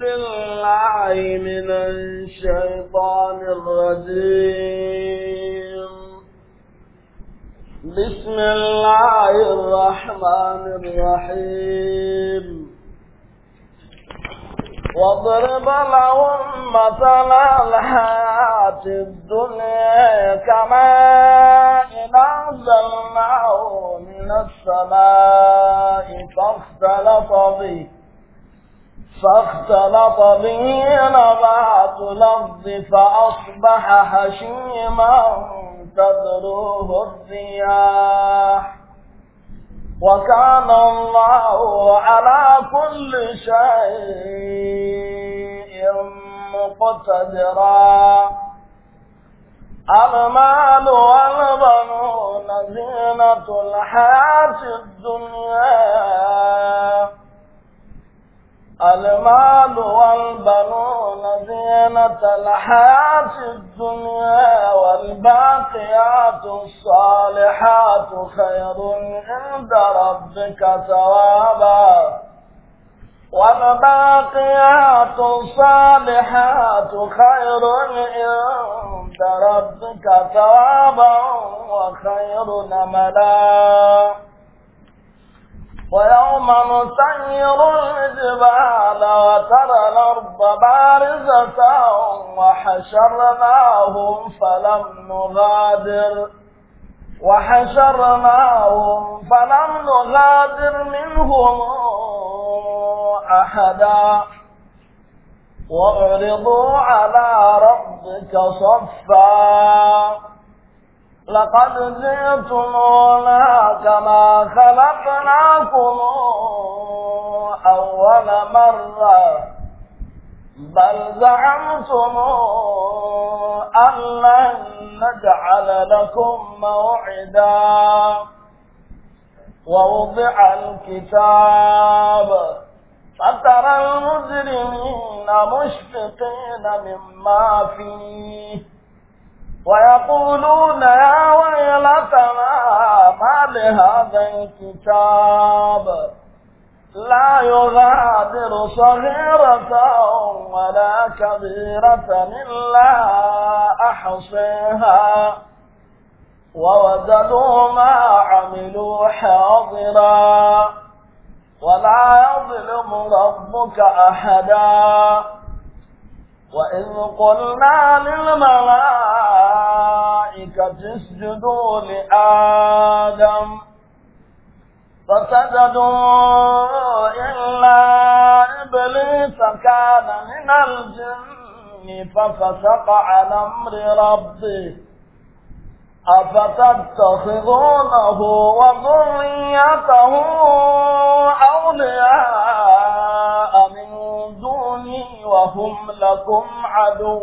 بالله من الشيطان الرجيم بسم الله الرحمن الرحيم واضرب لهم مثل الحياة الدنيا كما أنزلناه من السماء فاختلط به فاختلط به نبات الأرض فأصبح حشيما تذروه الرياح وكان الله على كل شيء مقتدرا المال والبنون زينة الحياة الدنيا المال والبنون زينة الحياة الدنيا والباقيات الصالحات خير عند ربك ثوابا والباقيات الصالحات خير عند ربك ثوابا وخير نملا ويوم نسير الجبال وترى الأرض بارزة وحشرناهم فلم نغادر وحشرناهم فلم نغادر منهم أحدا وأعرضوا على ربك صفا لقد ولا كما خلقناكم أول مرة بل زعمتم أن لن نجعل لكم موعدا ووضع الكتاب فترى المجرمين مشفقين مما فيه ويقولون يا ويلتنا ما لهذا الكتاب لا يغادر صغيرة ولا كبيرة إلا أحصيها ووجدوا ما عملوا حاضرا ولا يظلم ربك أحدا وإذ قلنا للملائكة الملائكة اسجدوا لآدم فسجدوا إلا إبليس كان من الجن ففسق عن أمر ربه أفتتخذونه وذريته أولياء من دوني وهم لكم عدو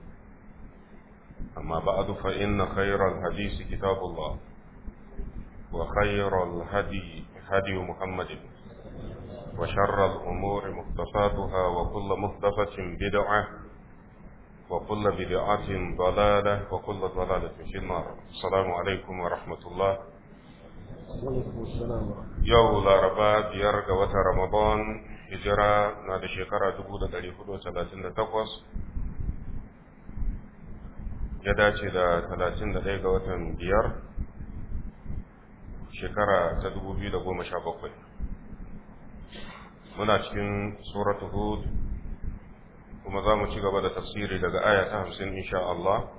أما بعد فإن خير الحديث كتاب الله وخير الهدي هدي محمد وشر الأمور مختصاتها وكل مختصة بدعة وكل بدعة ضلالة وكل ضلالة في النار السلام عليكم ورحمة الله yau laraba biyar ga wata ramadan hijira na da shekara 1438 ya dace da 31 ga watan biyar shekara ta 2017 muna cikin suratu hud kuma za mu ci gaba da tafsiri daga aya ta 50 insha Allah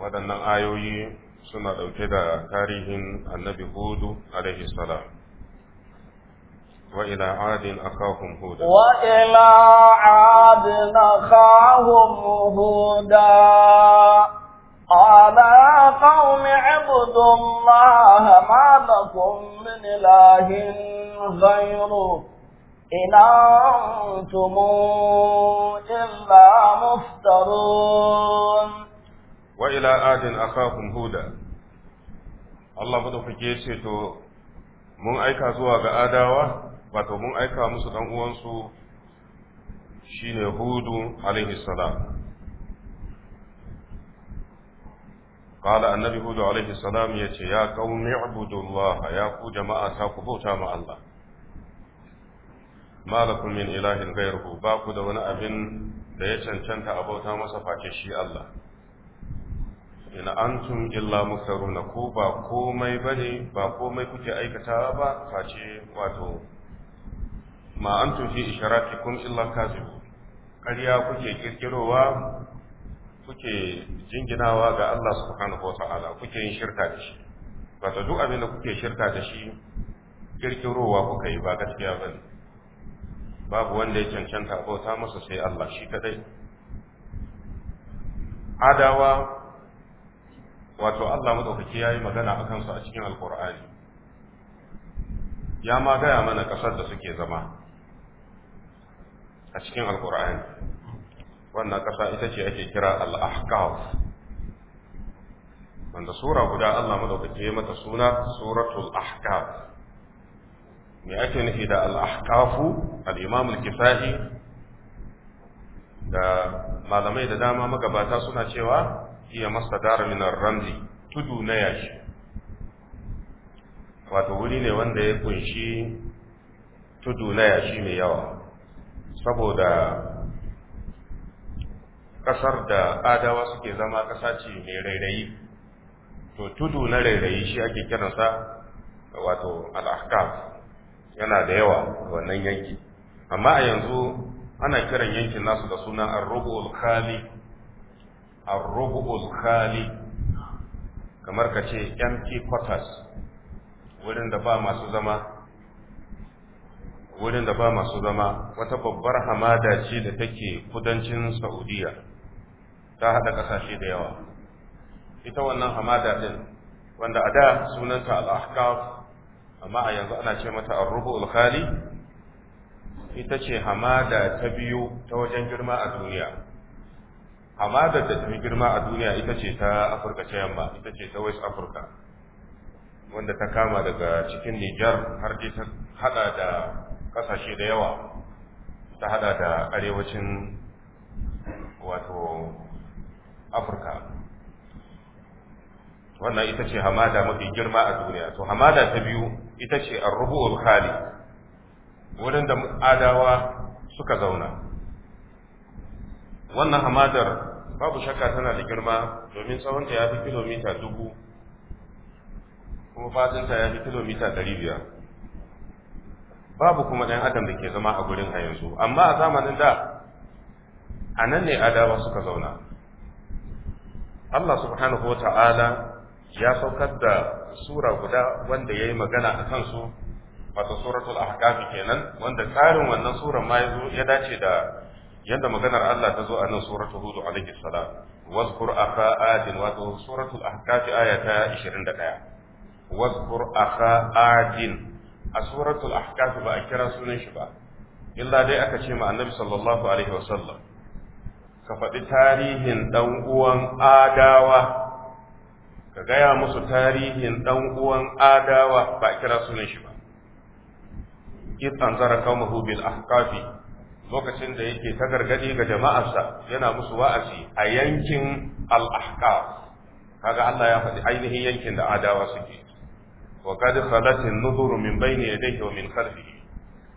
waɗannan ayoyi suna ɗauke da tarihin annabi hudu alaihi salam وإلى عاد أخاهم هودا وإلى عاد أخاهم هودا قال يا قوم اعبدوا الله ما لكم من إله غيره إن أنتم إلا مفترون وإلى عاد أخاهم هودا الله بدو في mun من zuwa ga adawa wato mun aika musu dan uwansu shine hudu alaihi salam قال النبي هود عليه السلام يا يا قوم اعبدوا الله يا كو جماعه ku بوتا مع الله ما لكم من اله غيره باكو da wani abin da ya cancanta a bauta masa face shi Allah in antum illa musarruna ku ba komai bane ba komai kuke aikata ba face wato ma antum fi isharatikum illa kazib ƙarya kuke kirkirowa kuke jinginawa ga Allah subhanahu wa ta'ala kuke yin shirka da shi ta duk abin da kuke shirka da shi kirkirowa kuka yi ba gaskiya bane babu wanda ya cancanta bauta masa sai Allah shi kadai adawa wato Allah madaukaki yayi magana akan su a cikin alqur'ani ya ma gaya mana kasar da suke zama a cikin alkur'ani wannan ƙasa ita ce ake kira al wanda sura guda Allah madaukake ya mata suna suratul ahqaf me ake nufi da al-ahqaf al-imam da malamai da dama magabata suna cewa iya masdar min ramzi tudu na yashi wato wuri ne wanda ya kunshi tudu na yashi mai yawa saboda ƙasar da adawa suke zama ƙasa ce mai rairayi to tudu na rairayi shi ake kiransa wato al'ahkaf yana da yawa wannan yanki amma a yanzu ana kiran yankin nasu da suna arrubu'ul khali arrubu'ul khali kamar ka ce empty quarters wurin da ba masu zama wurin da ba masu zama wata babbar hamada ce da take kudancin saudiya ta haɗa ƙasashe da yawa ita wannan hamada ɗin wanda a da sunanta al'ahkaf amma a yanzu ana ce mata al-rubu khali ita ce hamada ta biyu ta wajen girma a duniya hamadar da ta fi girma a duniya ita ce ta afirka ta yamma ita ce ta west africa wanda ta kama daga cikin niger har ta hada da kasashe da yawa ta hada da arewacin wato afirka wannan ita ce hamada mafi girma a duniya to hamada ta biyu ita ce arrubu'ul hali wurin da adawa suka zauna wannan hamadar babu shakka tana da girma domin tsawonta ya fi kilomita dubu kuma fatinta ya fi kilomita ɗari biyar babu kuma ɗan adam da ke zama a gurin a yanzu amma a zamanin da a nan ne adawa suka zauna Allah subhanahu wa ta'ala ya saukar da sura guda wanda ya yi magana a kansu wato suratul ahqaf kenan wanda tsarin wannan suran ma yazo ya dace da yanda maganar Allah ta zo a nan suratul hud alayhi salam wazkur akha adin wato suratul ahqaf ayata ta 21 wazkur akha adin a suratul ahqaf ba a kira sunan shi ba illa dai aka ce ma annabi sallallahu alaihi wasallam ka faɗi tarihin dan uwan adawa ka gaya musu tarihin dan uwan adawa ba a kira sunan shi ba id anzara qaumahu bil ahqafi lokacin da yake ta gargadi ga jama'arsa yana musu wa'azi a yankin al ahqaf kaga Allah ya faɗi ainihin yankin da adawa suke wa Salatin khalat an-nuzuru min bayni yadayhi wa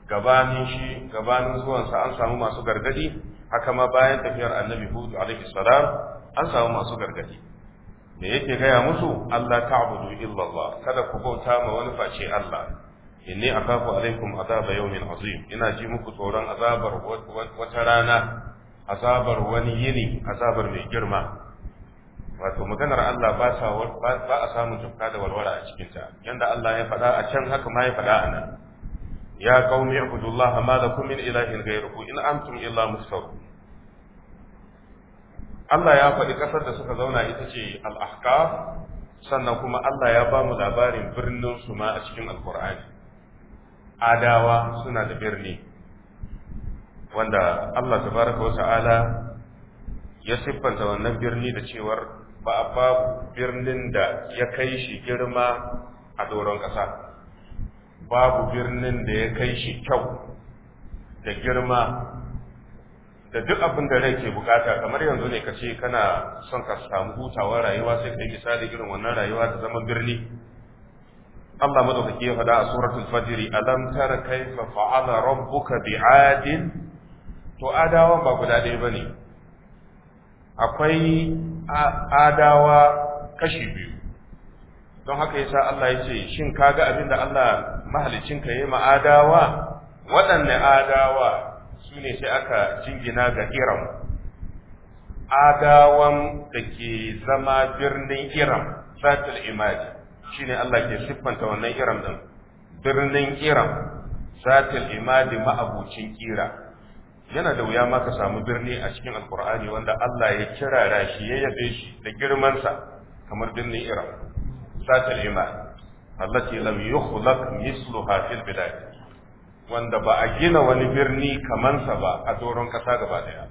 gabanin shi gabanin zuwan sa an samu masu gargadi haka ma bayan tafiyar annabi Hud alaihi salam an samu masu gargadi me yake gaya musu Allah ta'budu illallah kada ku bauta ma wani face Allah inni akafu alaikum azaba yawmin azim ina ji muku tsoron azabar wata rana azabar wani yini azabar mai girma wato maganar Allah ba sa ba a samun tufka da walwala a cikin ta yanda Allah ya faɗa a can haka ma ya faɗa a nan ya qaumi ibudullaha ma lakum min ilahin ghayruhu in antum illa mustarun Allah ya faɗi ƙasar da suka zauna ita ce al-ahqaf sannan kuma Allah ya ba mu labarin birnin su ma a cikin alkur'ani adawa suna da birni wanda Allah tabaraka wa ta'ala ya siffanta wannan birni da cewar ba babu birnin da ya kai shi girma a doron ƙasa babu birnin da ya kai shi kyau da girma da duk abin da rai ke bukata kamar yanzu ne ka ce kana son ka samu hutawar rayuwa sai kai misali irin wannan rayuwa ta zama birni Allah madaukaki ya faɗa a suratul fajr alam tara kayfa fa'ala rabbuka bi'adin to adawan ba guda ɗaya bane akwai adawa kashi biyu don haka yasa Allah ya ce shin kaga abin da Allah mahalicin ka yi adawa? waɗanne adawa su ne sai aka jingina ga Iram adawan da ke zama birnin Iram satul shi shine Allah ke siffanta wannan Iram din birnin Iram satul imaji ma'abucin kira yana da wuya ma ka samu birni a cikin alkur'ani wanda Allah ya kirara shi ya yabe shi da girmansa kamar birnin Iran satal iman allati lam yukhlaq misluha fil bilad wanda ba a gina wani birni kamansa ba a doron kasa gaba daya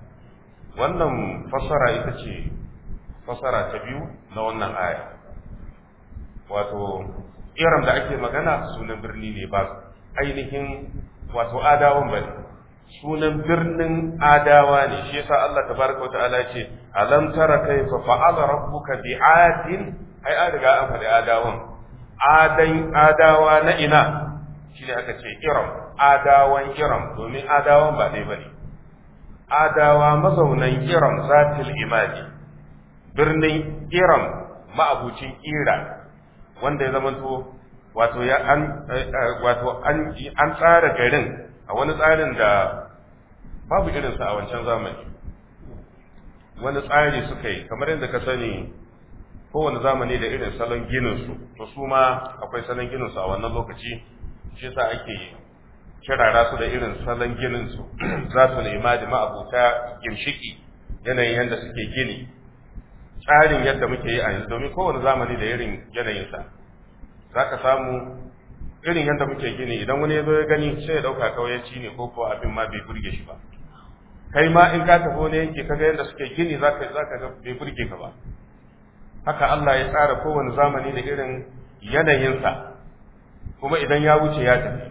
wannan fasara ita ce fasara ta biyu na wannan aya wato iran da ake magana sunan birni ne ba ainihin wato adawan bane sunan birnin adawa ne shi yasa Allah tabaraka wata'ala ce alam tara kaifa fa'ala rabbuka bi'adin ai an riga an faɗi adawan adan adawa na ina shi ne aka ce iram adawan iram domin adawan ba dai bane adawa mazaunan iram zatil imani birnin iram ma'abucin ira wanda ya to wato ya an eh, eh, wato an an tsara garin a wani tsarin da babu irinsa a wancan zamani wani tsari suka yi kamar yadda ka sani kowane zamani da irin salon su, to su ma akwai salon gininsu a wannan lokaci shi sa ake kirara su da irin salon su za su nema da ma'abuta ginshiki yanayin yadda suke gini tsarin yadda muke yi a yanzu domin kowane zamani da irin yanayinsa za ka samu irin yadda muke gini idan wani ya zo ya gani sai ya ɗauka ci ne ko kuwa abin ma bai burge shi ba kai ma in ka tafi wani yanki kaga yadda suke gini za ka ga bai burge ka ba haka Allah ya tsara kowane zamani da irin yanayinsa kuma idan ya wuce ya tafi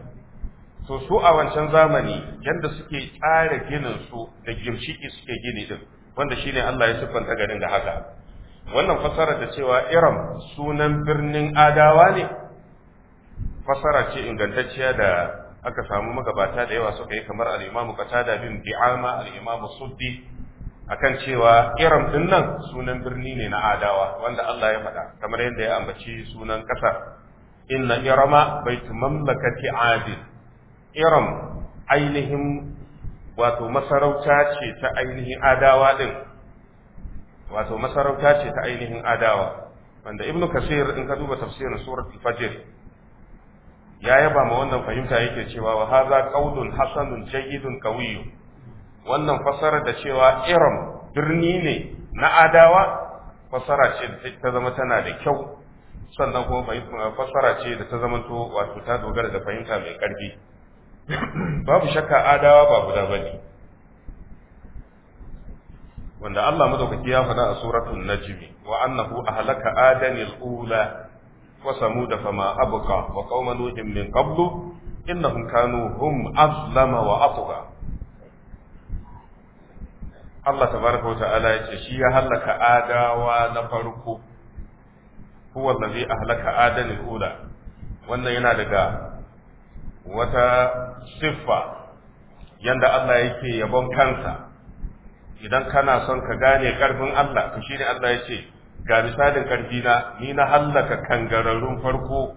to su a wancan zamani yadda suke tsara ginin su da gimshiki suke gini din wanda shine Allah ya siffanta garin da haka wannan fasara da cewa Iram sunan birnin Adawa ne fasara ce ingantacciya da aka samu magabata da yawa suka yi kamar al-Imam Qatada bin Bi'ama al-Imam Suddi akan cewa Iram din nan sunan birni ne na Adawa wanda Allah ya faɗa kamar yadda ya ambaci sunan ƙasar inna Irama baitu mamlakati Adil Iram ainihin wato masarauta ce ta ainihin Adawa din wato masarauta ce ta ainihin Adawa wanda ibnu Kasir in ka duba tafsirin surat Al-Fajr ya yaba ma wannan fahimta yake cewa wa haza qaulun hasanun jayyidun qawiyyu wannan fasara da cewa Iram birni ne na Adawa fasara ce ta zama tana da kyau sannan kuma fasara ce da ta to wato ta dogara da fahimta mai karfi babu shakka Adawa ba guda bane wanda Allah madaukaki ya faɗa a suratul najmi wa annahu ahlaka adanil ula wa samuda fama abqa wa qauma nuhin min qablu innahum kanu hum azlama wa atgha Allah tabaraka wa ta'ala yace shi ya halaka adawa na farko huwa allazi ahlaka adan al-ula wannan yana daga wata siffa yanda Allah yake yabon kansa idan kana son ka gane ƙarfin Allah to shine Allah yace ga misalin ƙarfi na ni na hallaka kangararrun farko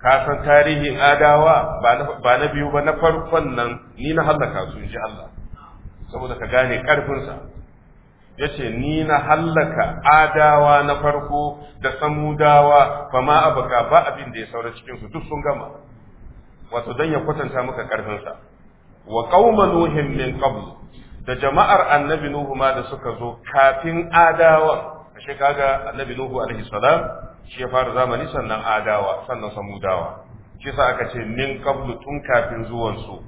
ka san tarihin adawa ba na biyu ba na farkon nan ni na hallaka su ji Allah saboda ka gane ƙarfinsa. ya ce ni na hallaka adawa na farko da samudawa ba ma abaka ba abin da ya saura cikinsu duk sun gama wato don ya kwatanta maka ƙarfinsa, wa ƙauma nuhin min qabl da jama'ar annabi nuhu ma da suka zo kafin adawa ashe kaga annabi nuhu alaihi salam shi ya fara zamani sannan adawa sannan samudawa shi sa aka ce min qablu tun kafin zuwan su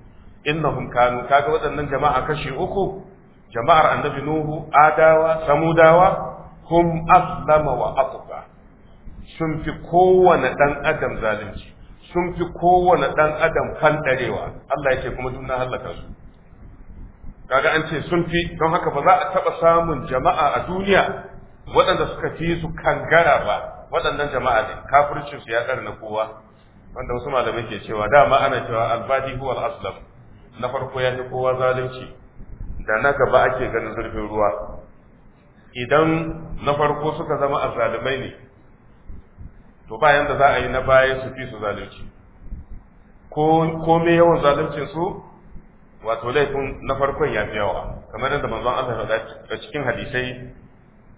innahum kanu kaga waɗannan jama'a kashi uku jama'ar annabi nuhu adawa samudawa hum aslama wa aqba sun fi kowane dan adam zalunci sun fi kowane dan adam fandarewa Allah yake kuma duk na halaka su kaga an ce sun fi don haka ba za a taba samun jama'a a duniya waɗanda suka fi su kangara ba waɗannan jama'a ne kafircin su ya na kowa wanda wasu malamai ke cewa dama ana cewa albadi huwal aslam na farko ya fi kowa zalunci da na gaba ake ganin zurfin ruwa idan na farko suka zama azalumai ne to ba yanda za a yi na baya su fi su zalunci ko me yawan zaluncin su wato laifin na farkon ya fi yawa kamar yadda manzon Allah ya cikin hadisai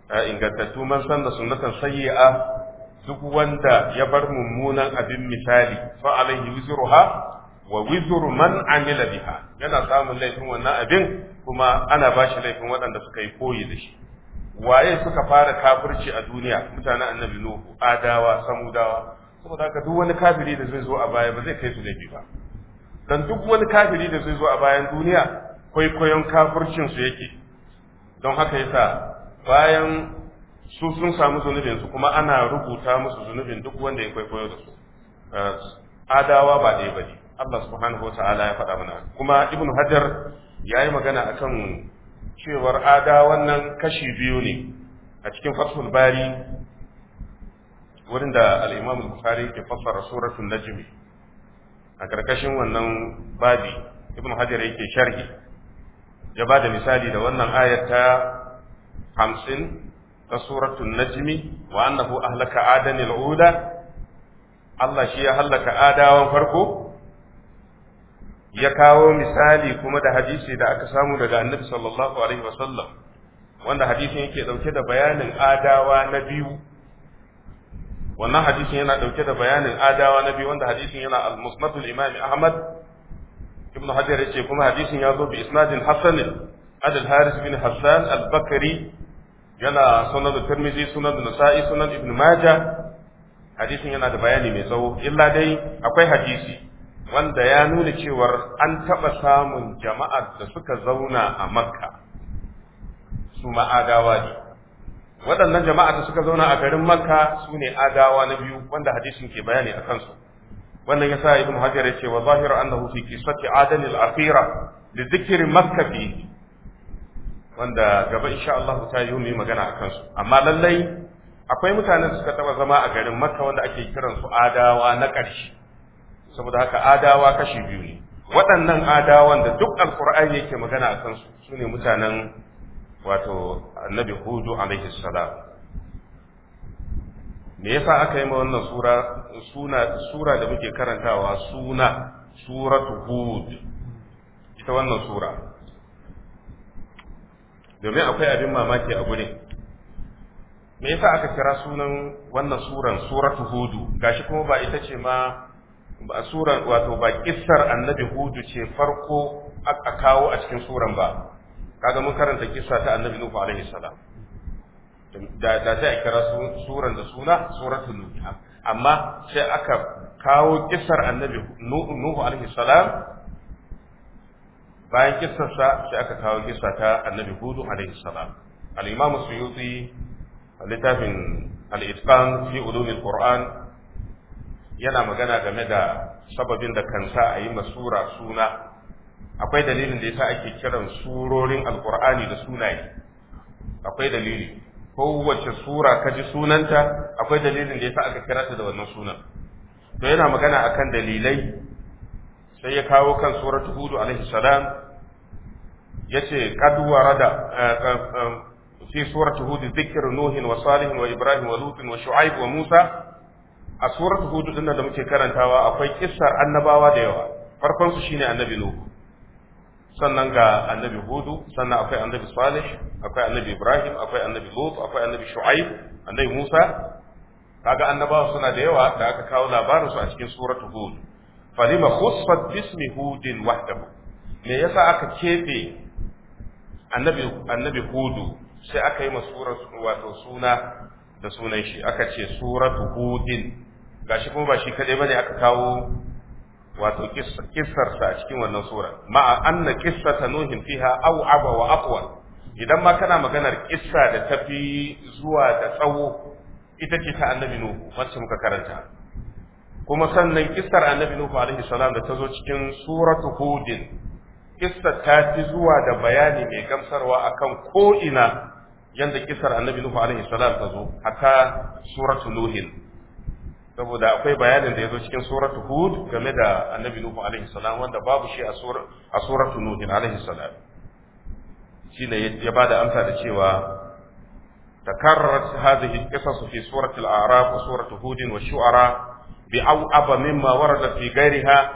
a ingantattu man da sunnatan sayyi'a duk wanda ya bar mummunan abin misali fa alaihi wizruha wa wizru man amila biha yana samun laifin wannan abin kuma ana bashi laifin waɗanda suka yi koyi da shi waye suka fara kafirci a duniya mutanen annabi nuhu adawa samudawa saboda haka duk wani kafiri da zai zo a baya ba zai kai su laifi ba dan duk wani kafiri da zai zo a bayan duniya kwaikwayon kafircin su yake don haka yasa bayan su sun samu zunubin su kuma ana rubuta musu zunubin duk wanda ya kwaikwayo da su eh, adawa ba ɗaya bane Allah subhanahu wataala ya faɗa mana kuma ibnu hajar ya yi magana akan cewar ada wannan kashi biyu ne a cikin fasul bari wurin da al-imam bukhari ke fassara suratul najm a karkashin wannan babi ibnu hajar yake sharhi ya ba da misali da wannan ayar ta hamsin ta suratun najmi wa annahu ahlaka adanil ula Allah shi ya hallaka adawan farko ya kawo misali kuma da hadisi da aka samu daga annabi sallallahu alaihi wasallam wanda hadisin yake dauke da bayanin adawa na biyu wannan hadisin yana ɗauke da bayanin adawa na biyu wanda hadisin yana al-musnad al-imam ahmad ibn hajar yace kuma hadisin ya zo bi isnadin hasan al-haris bin hassan al-bakri yana sunan da tirmizi sunan da nasa'i sunan ibn maja hadisin yana da bayani mai tsawo illa dai akwai hadisi wanda ya nuna cewar an taɓa samun jama'ar da suka zauna a makka su ma'adawa ne waɗannan jama'ar da suka zauna a garin makka su ne adawa na biyu wanda hadisin ke bayani a kansu wannan yasa ibn hajar ya ce wa zahiru annahu fi qissati adan al-akhira li dhikri makka fihi wanda gaba insha Allah ta yi mu magana a kansu amma lallai akwai mutanen da suka taba zama a garin Makka wanda ake kiran su adawa na ƙarshe saboda haka adawa kashi biyu ne waɗannan adawan da duk alkur'ani yake magana a kansu sune mutanen wato annabi Hudu alaihi salam me yasa aka yi ma wannan sura suna sura da muke karantawa suna suratu Hud ita wannan sura domin akwai abin mamaki a gurin me yasa aka kira sunan wannan suran suratu hudu gashi kuma ba ita ce ma ba suran wato ba kissar annabi hudu ce farko aka kawo a cikin suran ba kaga mun karanta kissa ta annabi nuhu alaihi salam da da sai a kira suran da suna suratu nuh amma sai aka kawo kissar annabi nuhu alaihi salam bayan kissarsa sai aka kawo kissa ta annabi hudu alaihi salam al-imam suyuti littafin al-itqan fi ulum al-qur'an yana magana game da sababin da kansa a yi masura suna akwai dalilin da yasa ake kiran surorin al-qur'ani da sunaye akwai dalili kowace sura ka ji sunanta akwai dalilin da yasa aka kira ta da wannan sunan to yana magana akan dalilai sai ya kawo kan suratu hudu alaihi salam ya ce kaduwa rada eh, eh, eh, fi suratu hudu zikirin nuhin wa salihin wa ibrahim wa lutin wa shu'aib wa musa a suratu hudu din da muke karantawa akwai kissar annabawa da yawa farkon su shine annabi nuhu sannan ga annabi hudu sannan akwai annabi salih akwai annabi ibrahim akwai annabi lut akwai annabi shu'aib annabi musa kaga annabawa suna da yawa da aka kawo labarin su a cikin suratu hudu. falima khusfat bismi hudin wahdahu me yasa aka kefe annabi annabi hudu sai aka yi masurar wato suna da sunan shi aka ce suratu hudin gashi kuma ba shi kadai bane aka kawo wato kissar sa a cikin wannan sura ma anna qissata nuhin fiha aw aba wa aqwa idan ma kana maganar kissa da tafi zuwa da tsawo ita ce ta annabi nuhu wacce muka karanta kuma sannan kissar annabi nuhu alaihi salam da ta zo cikin suratu hudin kissa ta fi zuwa da bayani mai gamsarwa akan ko ina yanda kissar annabi nuhu alaihi salam ta zo hatta suratu nuhin saboda akwai bayanin da ya zo cikin suratu hud game da annabi nuhu alaihi salam wanda babu shi a suratu nuhin alaihi salam shine ya bada amsa da cewa تكررت هذه القصص في سورة الأعراف وسورة هود والشعراء بأوعب مما ورد في غيرها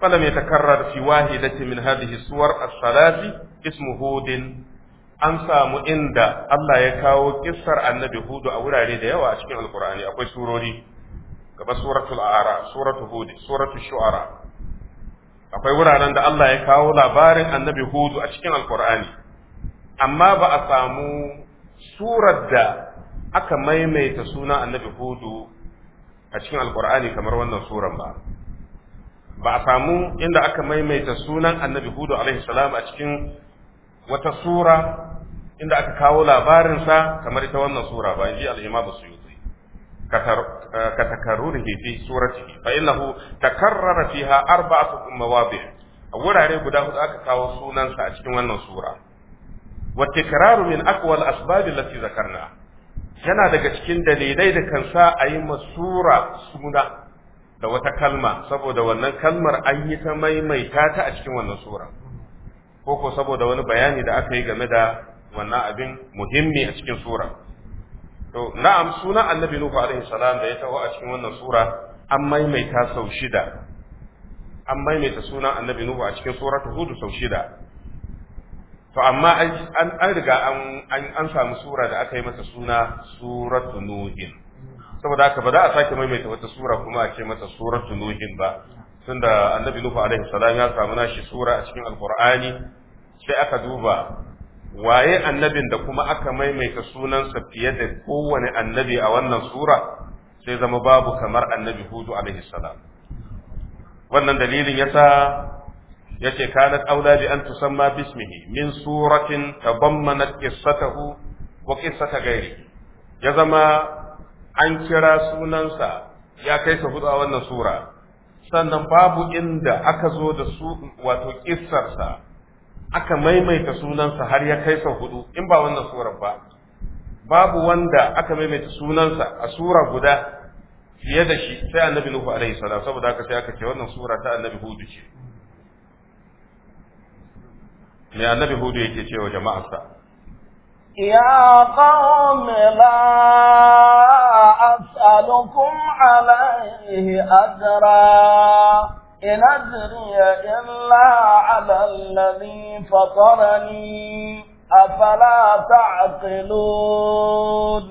فلم يتكرر في واحدة من هذه الصور الثلاث اسم هود an samu inda Allah ya kawo kissar annabi Hudu a wurare da yawa a cikin Alkur'ani akwai surori gaba suratul a'ara suratul hud suratul shu'ara akwai wuraren da Allah ya kawo labarin annabi Hudu a cikin Alkur'ani amma ba a samu surar da aka maimaita suna annabi Hudu a cikin alkur'ani kamar wannan suran ba ba a samu inda aka maimaita sunan annabi hudu alaihi salam a cikin wata sura inda aka kawo labarinsa kamar ita wannan sura ba ji al'imam suyuti ka takarrurihi fi suratihi fa innahu takarrara fiha arba'atu mawadi' a wurare guda hudu aka kawo sunansa a cikin wannan sura wa tikraru min aqwal asbab allati zakarna yana daga cikin dalilai da kan sa a yi masura suna da wata kalma saboda wannan kalmar an yi ta maimaita ta a cikin wannan sura ko ko saboda wani bayani da aka yi game da wannan abin muhimmi a cikin sura to na'am suna annabi nuhu alaihi salam da ya taho a cikin wannan sura an maimaita sau shida an maimaita sunan annabi nuhu a cikin suratu hudu sau shida to amma an an riga an an samu sura da aka yi mata suna suratu nuhin saboda haka ba za a sake maimaita wata sura kuma a ce mata suratu nuhin ba tunda annabi nuhu alaihi salam ya samu nashi sura a cikin alqur'ani sai aka duba waye annabin da kuma aka maimaita sunansa fiye da kowane annabi a wannan sura sai zama babu kamar annabi hudu alaihi salam wannan dalilin yasa yace kanat aula bi an tusamma bismihi min suratin tadammanat qissatahu wa qissata ghairi ya zama an kira sunansa ya kai sa hudu a wannan sura sannan babu inda aka zo da su wato kissarsa aka maimaita sunansa har ya kai sa hudu in ba wannan surar ba babu wanda aka maimaita sunansa a sura guda fiye da shi sai annabi nuhu alaihi salam saboda haka sai aka ce wannan sura ta annabi hudu ce me annabi hudu yake cewa jama'arsa ya qawmi la as'alukum alayhi ajra in ajriya illa ala alladhi fatarani afala ta'qilun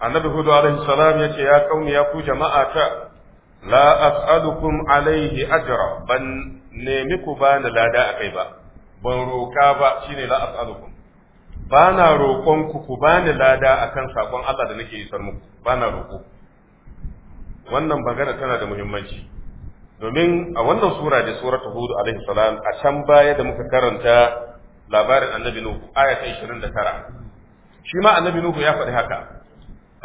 annabi hudu alayhi salam yake ya qawmi ya ku jama'a ta la as'alukum alayhi ajra ban nemi ku bani lada akai ba ban roƙa ba shi la as'alukum ba na roƙon ku ku bani lada a kan sakon Allah da nake isar muku ba na roƙo wannan magana tana da muhimmanci domin a wannan sura da suratul hud alaihi salam a can baya da muka karanta labarin annabi nuhu aya ta 29 shi ma annabi nuhu ya faɗi haka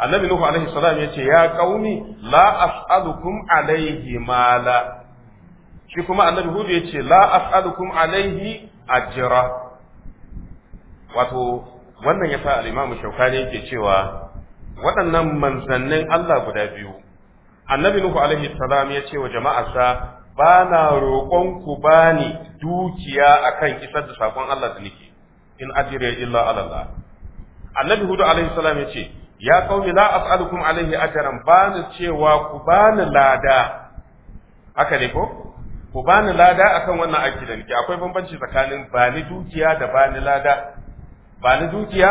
annabi nuhu alaihi salam ya ce ya ƙauni la as'alukum alaihi mala shi kuma annabi hudu ya ce la as'alukum alaihi ajra wato wannan ya sa al'imamu shaukani yake cewa waɗannan manzannin Allah guda biyu annabi Nuhu alaihi salam ya ce wa jama'arsa ba na roƙon ku ba ni dukiya akan isar da sakon Allah da nake in ya illa Allah annabi Hudu alaihi salam ya ce ya qaumi la as'alukum alaihi ajran ba ni cewa ku bani lada haka ne ko ku bani lada akan wannan aiki da nake akwai bambanci tsakanin bani dukiya da bani lada bani dukiya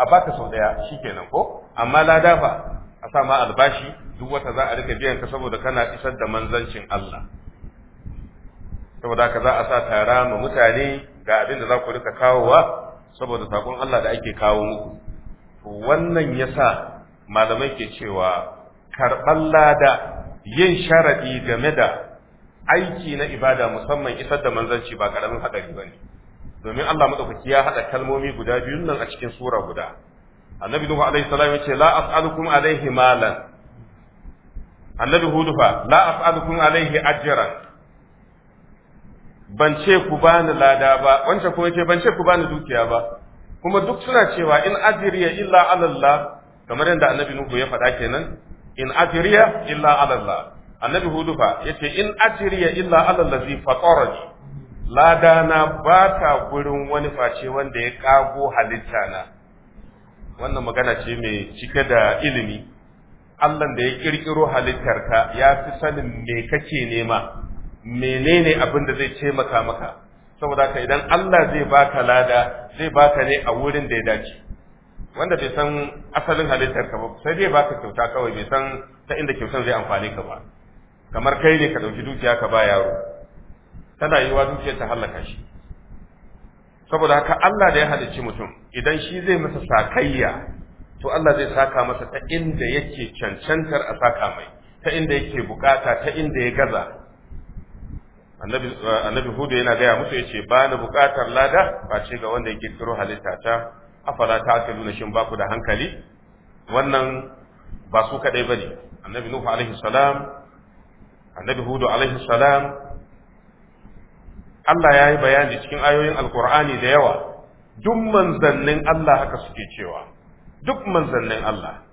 a baka sau daya shikenan ko amma lada fa a sa ma albashi duk wata za a rika biyan ka saboda kana isar da manzancin Allah saboda haka za a sa tara ma mutane ga abin da za ku rika kawowa saboda sakon Allah da ake kawo muku to wannan yasa malamai ke cewa karɓar lada yin sharadi game da aiki na ibada musamman isar da manzanci ba karamin hadari ne, domin Allah madaukaki ya hada kalmomi guda biyun nan a cikin sura guda annabi nuhu alaihi salam yace la as'alukum alaihi malan annabi hudu fa la as'alukum alaihi ajran ban ce ku bani lada ba wancan kuma ce ban ce ku bani dukiya ba kuma duk suna cewa in ajriya illa ala Allah kamar yadda annabi nuhu ya faɗa kenan in ajriya illa ala Allah annabi hudu fa ce in ajriya illa ala allazi fatarani ladana ba ta gurin wani face wanda ya kago halitta na wannan magana ce mai cike da ilimi Allah da ya kirkiro ka ya fi sanin me kake nema menene abin da zai taimaka maka saboda ka idan Allah zai baka lada zai baka ne a wurin da ya dace wanda bai san asalin halittarka ba sai zai baka kyauta kawai bai san ta inda kyautan zai amfane ka ba kamar kai ne ka ɗauki dukiya ka ba yaro tana yiwa dukiyar ta hallaka shi saboda haka Allah da ya halicci mutum idan shi zai masa sakayya to Allah zai saka masa ta inda yake cancantar a saka mai ta inda yake bukata ta inda ya gaza annabi annabi hudu yana gaya musu yace ba ni bukatar lada ba ce ga wanda ya kiro halitta ta afala ta akaluna shin baku da hankali wannan ba su kadai bane annabi nuhu alaihi salam annabi hudu alaihi salam Allah ya yi bayani cikin ayoyin alkur'ani da yawa duk manzannin Allah haka suke cewa duk manzannin Allah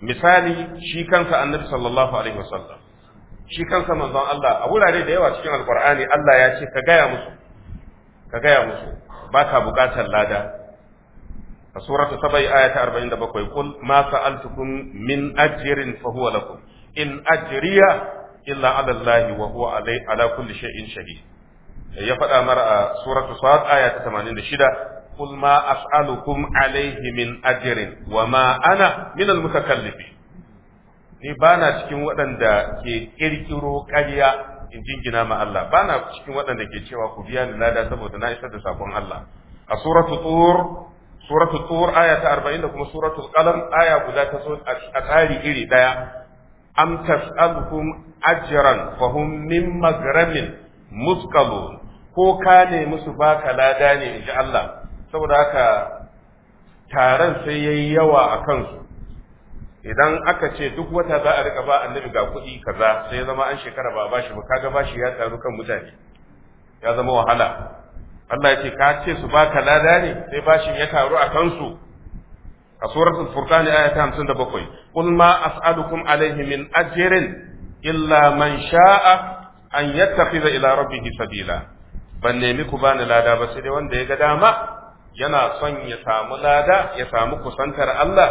misali shi kansa annabi sallallahu alaihi wasallam shi kansa manzon Allah a wurare da yawa cikin alkur'ani Allah ya ce ka gaya musu ka gaya musu ba ka bukatar lada a surata saba'i bai aya ta bakwai kul ma sa'altukum min ajrin fa huwa lakum in ajriya illa ala Allah wa huwa alai ala kulli shay'in shahid ya faɗa mara a suratu sad aya ta 86 qul ma as'alukum alayhi min ajrin wa ma ana min al mutakallifin ni bana cikin waɗanda ke kirkiro ƙarya in jingina ma Allah bana cikin waɗanda ke cewa ku biya ni lada saboda na isar da sakon Allah a suratu tur suratu tur aya ta 40 da kuma suratu qalam aya guda ta so a tsari iri daya أم تسألهم أجرا فهم من مغرم ko ka ne su baka lada ne inji Allah saboda haka taron sai yayi yawa a kansu idan aka ce duk wata za a rika ba annabi ga kuɗi kaza sai ya zama an shekara ba bashi ba kaga bashi ya taru kan mutane ya zama wahala Allah ya ce ka ce su baka lada ne sai bashin ya taru a kansu a suratul furqani aya ta 57 qul ma as'alukum alayhi min ajrin illa man sha'a an yattakhidha ila rabbih sabila ban nemi ku bani lada ba sai dai wanda ya ga dama yana son ya samu lada ya samu kusantar Allah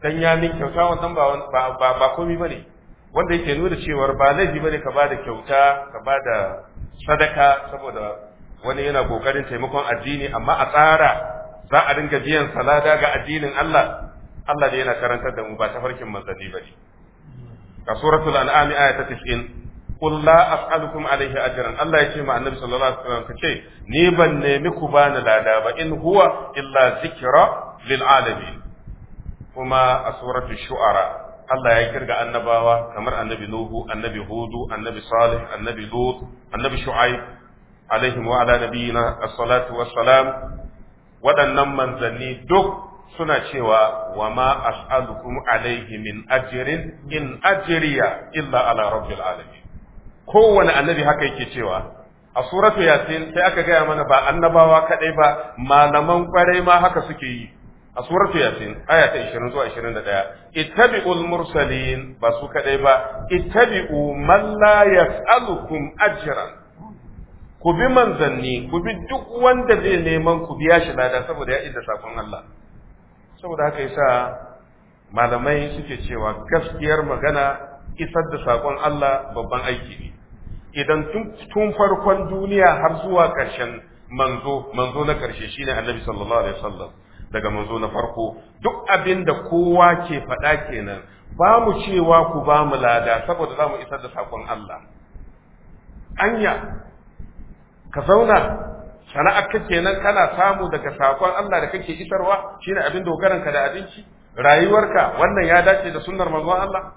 dan ya min kyauta wannan ba ba ba komai bane wanda yake nuna cewar ba laifi bane ka bada kyauta ka bada sadaka saboda wani yana kokarin taimakon addini amma a tsara za a dinga biyan salada ga addinin Allah Allah da yana karantar da mu ba tafarkin manzanni ba ne ka suratul an'am aya ta 90 qul la as'alukum alayhi ajran Allah ya ce ma annabi sallallahu alaihi wasallam kace ni ban nemi ku bani lada ba in huwa illa zikra lil alamin kuma a suratul shu'ara Allah ya kirga annabawa kamar annabi Nuhu, annabi Hudu, annabi Salih, annabi Lut, annabi Shu'aib, alaihim wa ala nabiyina as-salatu was-salam waɗannan manzanni duk suna cewa wa ma as'alukum alaihi min ajrin in ajriya illa ala rabbil alamin kowane annabi haka yake cewa a suratu yasin sai aka gaya mana ba annabawa kadai ba malaman kwarai ma haka suke yi a suratu yasin aya ta 20 zuwa 21 ittabi'ul mursalin ba su kadai ba ittabi'u man la yas'alukum ajran ku bi manzanni ku bi duk wanda zai neman ku biya shi lada saboda ya idda sakon Allah saboda haka yasa malamai suke cewa gaskiyar magana isar da sakon Allah babban aiki ne idan tun farkon duniya har zuwa karshen, manzo manzo na karshe shine annabi sallallahu alaihi wasallam daga manzo na farko duk abin da kowa ke faɗa kenan ba mu cewa ku ba mu lada saboda za mu isar da sakon Allah anya ka zauna sana'ar kake nan kana samu daga sakon Allah da kake isarwa shine abin dogaranka da abinci rayuwarka wannan ya dace da sunnar manzon Allah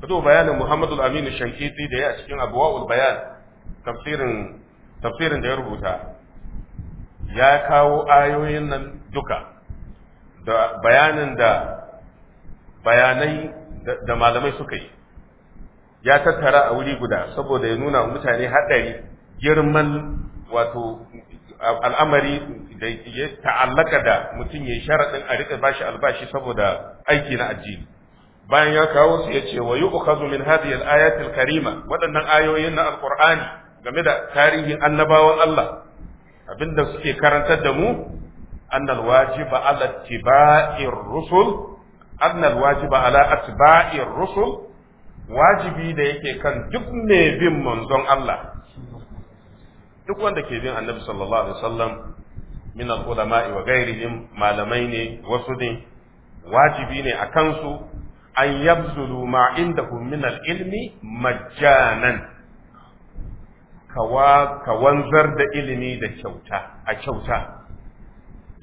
ka bayanin Muhammadu Amin Shankiti da ya a cikin Abwaul Bayan tafsirin tafsirin da ya rubuta ya kawo ayoyin nan duka da bayanin da bayanai da malamai suka yi ya tattara a wuri guda saboda ya nuna mutane haɗari girman wato al'amari da ya ta'allaka da mutum ya yi sharaɗin a riƙa bashi albashi saboda aiki na addini bayan ya kawo su ya ce wa yi ukazu min hadhihi al-ayati karima waɗannan ayoyin na Al-Ƙur'ani game da tarihin annabawan Allah abinda suke karantar da mu annal wajiba ala tiba'ir rusul annal wajiba ala rusul wajibi da yake kan duk mai bin manzon Allah duk wanda ke bin annabi sallallahu alaihi wasallam min al-ulama'i wa ghairihim malamai ne wasu ne wajibi ne a kansu an yabzulu ma indahum min al-ilmi majjanan kawa ka wanzar da ilimi da kyauta a kyauta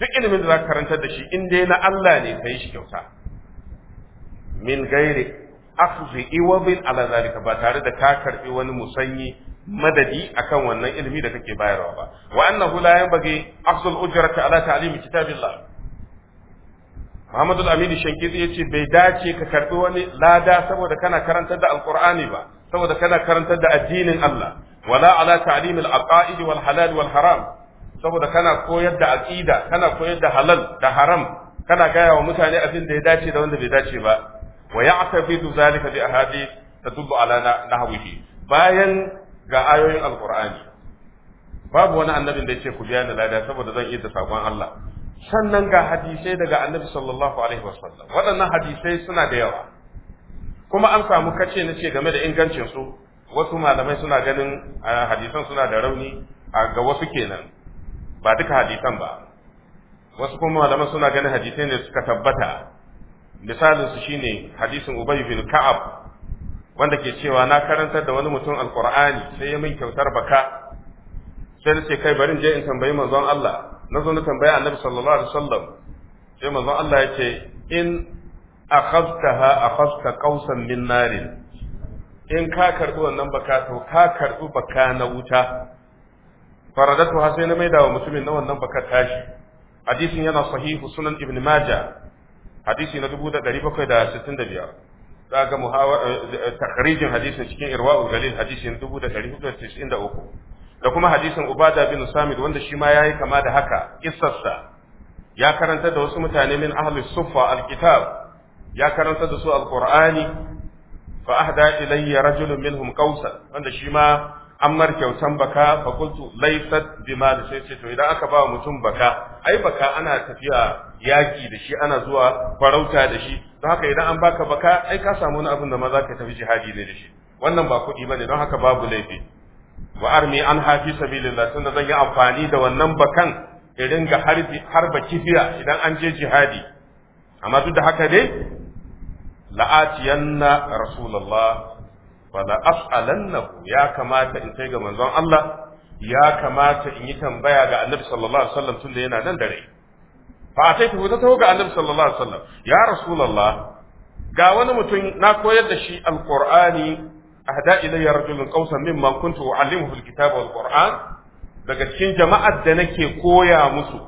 duk ilimin da za ka karantar da shi in dai na Allah ne ka yi shi kyauta min gairi akhdhi iwabin ala zalika ba tare da ka karbi wani musanyi madadi akan wannan ilimi da kake bayarwa ba wa annahu la yanbaghi afdal ujrati ala ta'limi kitabillah Muhammadu Aminu amin Shankiti yace bai dace ka karbi wani lada saboda kana karantar da alkur'ani ba saboda kana karantar da addinin Allah wala ala ta'limi al-aqaid wal halal wal haram saboda kana koyar da aqida kana koyar da halal da haram kana gaya wa mutane abin da ya dace da wanda bai dace ba wa ya'tafidu zalika bi ahadith tadullu ala nahwihi bayan ga ayoyin alkur'ani babu wani annabin da ya ce ku biya ni lada saboda zan iya da sakon Allah sannan ga hadisai daga annabi sallallahu alaihi wasallam waɗannan hadisai suna da yawa kuma an samu kace na ce game da ingancin su wasu malamai suna ganin hadisan suna da rauni ga wasu kenan ba duka hadisan ba wasu kuma malamai suna ganin hadisai ne suka tabbata misalin su shine hadisin ubay bin ka'ab wanda ke cewa na karantar da wani mutum alqur'ani sai ya min kyautar baka sai na ce kai barin je in tambayi manzon Allah na zo na tambaya annabi sallallahu alaihi wasallam sai manzon Allah ya ce in akhadtaha akhadta qausan min narin in ka karbi wannan baka to ka karbi baka na wuta faradatu ha sai na maida wa mutumin na wannan baka tashi hadisin yana sahihu sunan ibn majah hadisi na 1765 za ga eh, eh, eh, takarijin hadisin cikin irwa'ul galil hadisin 1493 da kuma hadisin ubada bin samid wanda shi ma yayi kama da haka kissarsa ya karanta da wasu mutane min ahli suffa alkitab ya karanta da su alqur'ani fa ahda ilayya rajulun minhum qausa wanda shi ma ammar kyautan baka fa kuntu laysat da sai ce to idan aka ba mutum baka ai baka ana tafiya yaki da shi ana zuwa farauta da shi don haka idan an baka baka ai ka samu wani abin da ma ka tafi jihadi ne da shi wannan ba kuɗi bane don haka babu laifi wa armi an hafi sabilillah tunda zan yi amfani da wannan bakan ga harbi harba kifiya idan an je jihadi amma duk da haka dai la'atiyanna rasulullah fala as'alannahu ya kamata in kai ga manzon Allah ya kamata in yi tambaya ga annabi sallallahu alaihi wasallam tunda yana nan da rai fa sai ta taho ga annabi sallallahu alaihi wasallam ya rasulullah ga wani mutum na koyar da shi alqur'ani ahda ilayya rajulun qausan mimman kuntu uallimuhu alkitaba walqur'an daga cikin jama'ar da nake koya musu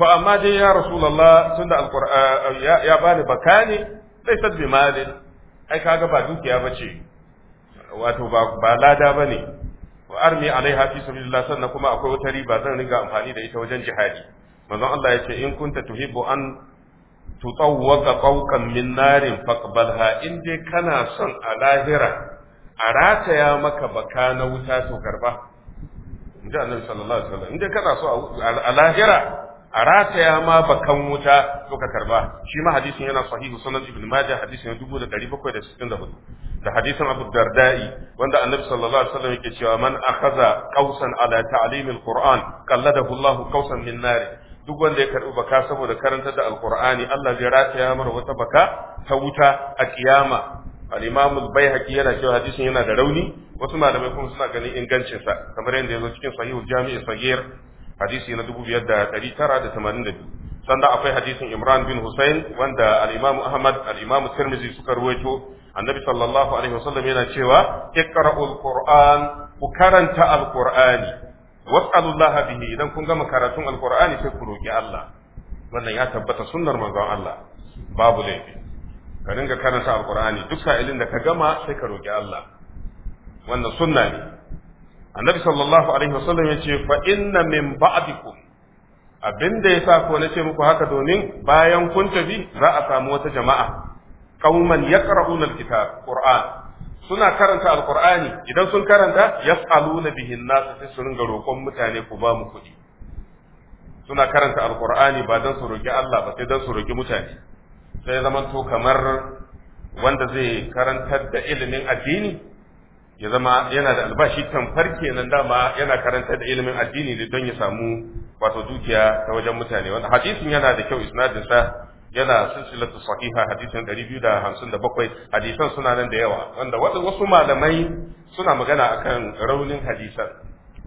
fa amma dai ya rasulullah tunda alqur'an ya bani bakani laysa bi malin ai kaga ba dukiya bace wato ba lada ba ne wa armi alaiha fi sabilillah sannan kuma akwai wata riba zan riga amfani da ita wajen jihadi manzon Allah ya ce in kunta tuhibbu an ga qawqan min narin faqbalha in dai kana son a lahira a rataya maka baka na wuta to karba in ji annabi sallallahu alaihi wasallam in dai kana so a lahira a rataya ma bakan wuta to ka karba shi ma hadisin yana sahihu sunan ibn majah hadisin 1764 da hadisin abu dardai wanda annabi sallallahu alaihi wasallam yake cewa man akhadha qausan ala ta'lim alquran qalladahu allah qausan min nar duk wanda ya karbi baka saboda karanta da alqur'ani Allah zai rataya mar wata baka ta wuta a kiyama al-imam al-baihaqi yana cewa hadisin yana da rauni wasu malamai kuma suna ganin ingancinsa kamar yadda ya zo cikin sahihul jami'i sagir hadisi na dubu biyar da da da tara tamanin biyu, sannan akwai hadisin Imran bin Husayn, wanda al Ahmad al-Imam suka ruwaito annabi sallallahu alaihi wasallam yana cewa iqra'ul qur'an ku karanta al-qur'ani was'alullaha bihi idan kun gama karatun al-qur'ani sai ku roki Allah wannan ya tabbata sunnar manzon Allah babu laifi ka dinga karanta al-qur'ani duk sa'ilin da ka gama sai ka roki Allah wannan sunna ne annabi sallallahu alaihi wasallam ce fa inna min ba'dikum abinda yasa ko ce muku haka domin bayan kun tafi za a samu wata jama'a qauman yaqra'una alkitab qur'an suna karanta alqur'ani idan sun karanta yas'aluna bihi an-nas sai su ringa roƙon mutane ku ba mu kuɗi suna karanta alqur'ani ba dan su roƙi Allah ba sai dan su roƙi mutane sai zaman to kamar wanda zai karantar da ilimin addini ya zama yana da albashi tamfar kenan dama yana karanta da ilimin addini da don ya samu wato dukiya ta wajen mutane wanda hadisin yana da kyau isnadin sa yana silsilatu sahiha hadisin 257 hadisan suna nan da yawa wanda wasu malamai suna magana akan raunin hadisan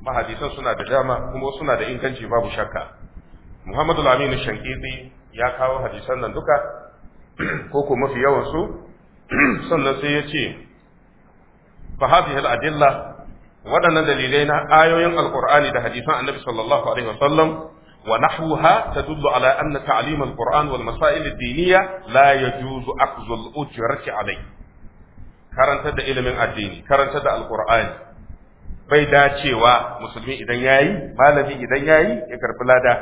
ma hadisan suna da dama kuma suna da inganci babu shakka Muhammadu Aminu Shankiti ya kawo hadisan nan duka ko ko mafi yawan su sannan sai ya ce fa adilla waɗannan dalilai na ayoyin Alƙur'ani da hadisan annabi sallallahu alaihi wasallam wa nahwuha ala anna ta'lim al-qur'an wal masail ad-diniyya la da ilimin addini karantar da alqur'ani bai dacewa musulmi idan yayi malami idan yayi ya karbi lada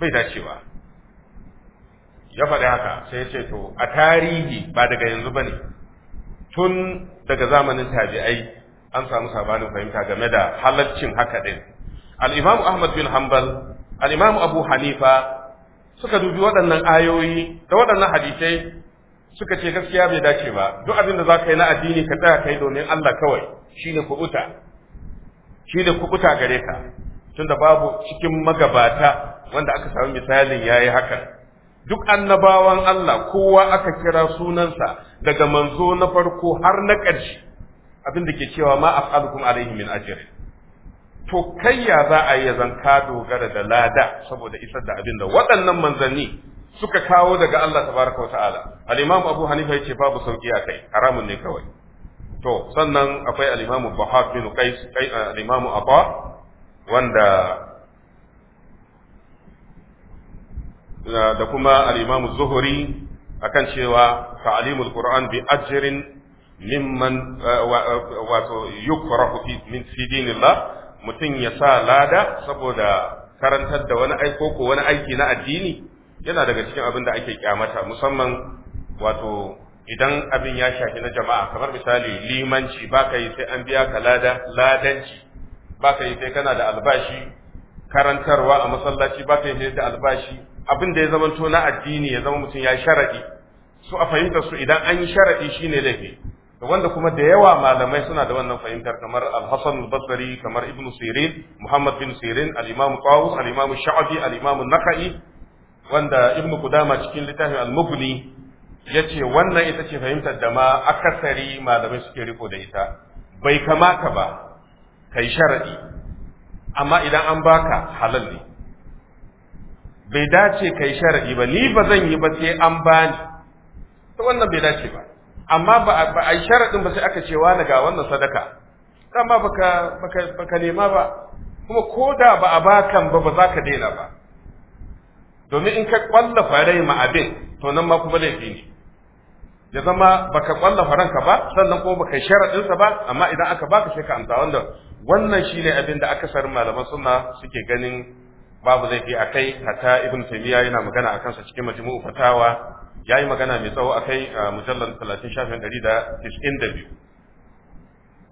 bai dacewa ya faɗi haka sai ya ce to a tarihi ba daga yanzu ba ne tun daga zamanin tabi'ai an samu sabanin fahimta game da halaccin haka din al-imam ahmad bin hanbal al-imam abu hanifa suka dubi waɗannan ayoyi da waɗannan hadisai suka ce gaskiya bai dace ba duk abin da za ka yi na addini ka tsaya kai domin Allah kawai shine kubuta shine kubuta gare ka tunda babu cikin magabata wanda aka samu misalin ya yi hakan duk annabawan Allah kowa aka kira sunansa daga manzo na farko har na ƙarshe abin da ke cewa ma af'alukum alaihi min ajr to kai ya za a yi zan ka dogara da lada saboda isar da abin da waɗannan manzanni suka kawo daga Allah tabaraka wa ta'ala al-imam Abu Hanifa yace babu sauki a kai haramun ne kawai to sannan akwai al-imam Bahad bin Qais al-imam Aba wanda da kuma al-Imam Zuhri akan cewa ta'limul Qur'an bi ajrin mimman eh, eh, wato yukrahu fi min sidinillah mutum ya sa lada saboda karantar da wani aiko ko wani aiki na addini yana daga cikin abin da ake kyamata musamman wato idan abin ya shafi na jama'a kamar misali limanci baka yi sai an biya ka lada ladanci baka yi sai kana da albashi karantarwa a masallaci baka yi sai da albashi abin da ya zamanto na addini ya zama mutum ya sharaɗi, su a fahimtar su idan an yi shi shine laifi wanda kuma da yawa malamai suna da wannan fahimtar kamar al Basari, al-Basri kamar Ibn Sirin Muhammad bin Sirin al-Imam Tawus al-Imam Sha'bi al-Imam Nakhai wanda Ibn Qudama cikin littafin al-Mughni yace wannan ita ce fahimtar da ma akasari malamai suke riko da ita bai kamata ba kai sharaɗi. amma idan an baka halal ne bai dace kai sharadi ba ni ba zan yi ba sai an bani to wannan bai dace ba amma ba a yi sharadin ba sai aka ce wani ga wannan sadaka dama baka baka baka nema ba kuma ko da ba a bakan ba ba za ka daina ba domin in ka kwalla farai ma abin to nan ma kuma laifi ne ya zama baka kwallafa ranka ba sannan kuma baka sa ba amma idan aka baka sai ka amsa wannan wannan shine abin da akasarin malaman sunna suke ganin babu zai fi a kai hatta ibn taymiya yana magana a kansa cikin majmu'u fatawa yayi magana mai tsawo akai a mujallal 30 shafin 192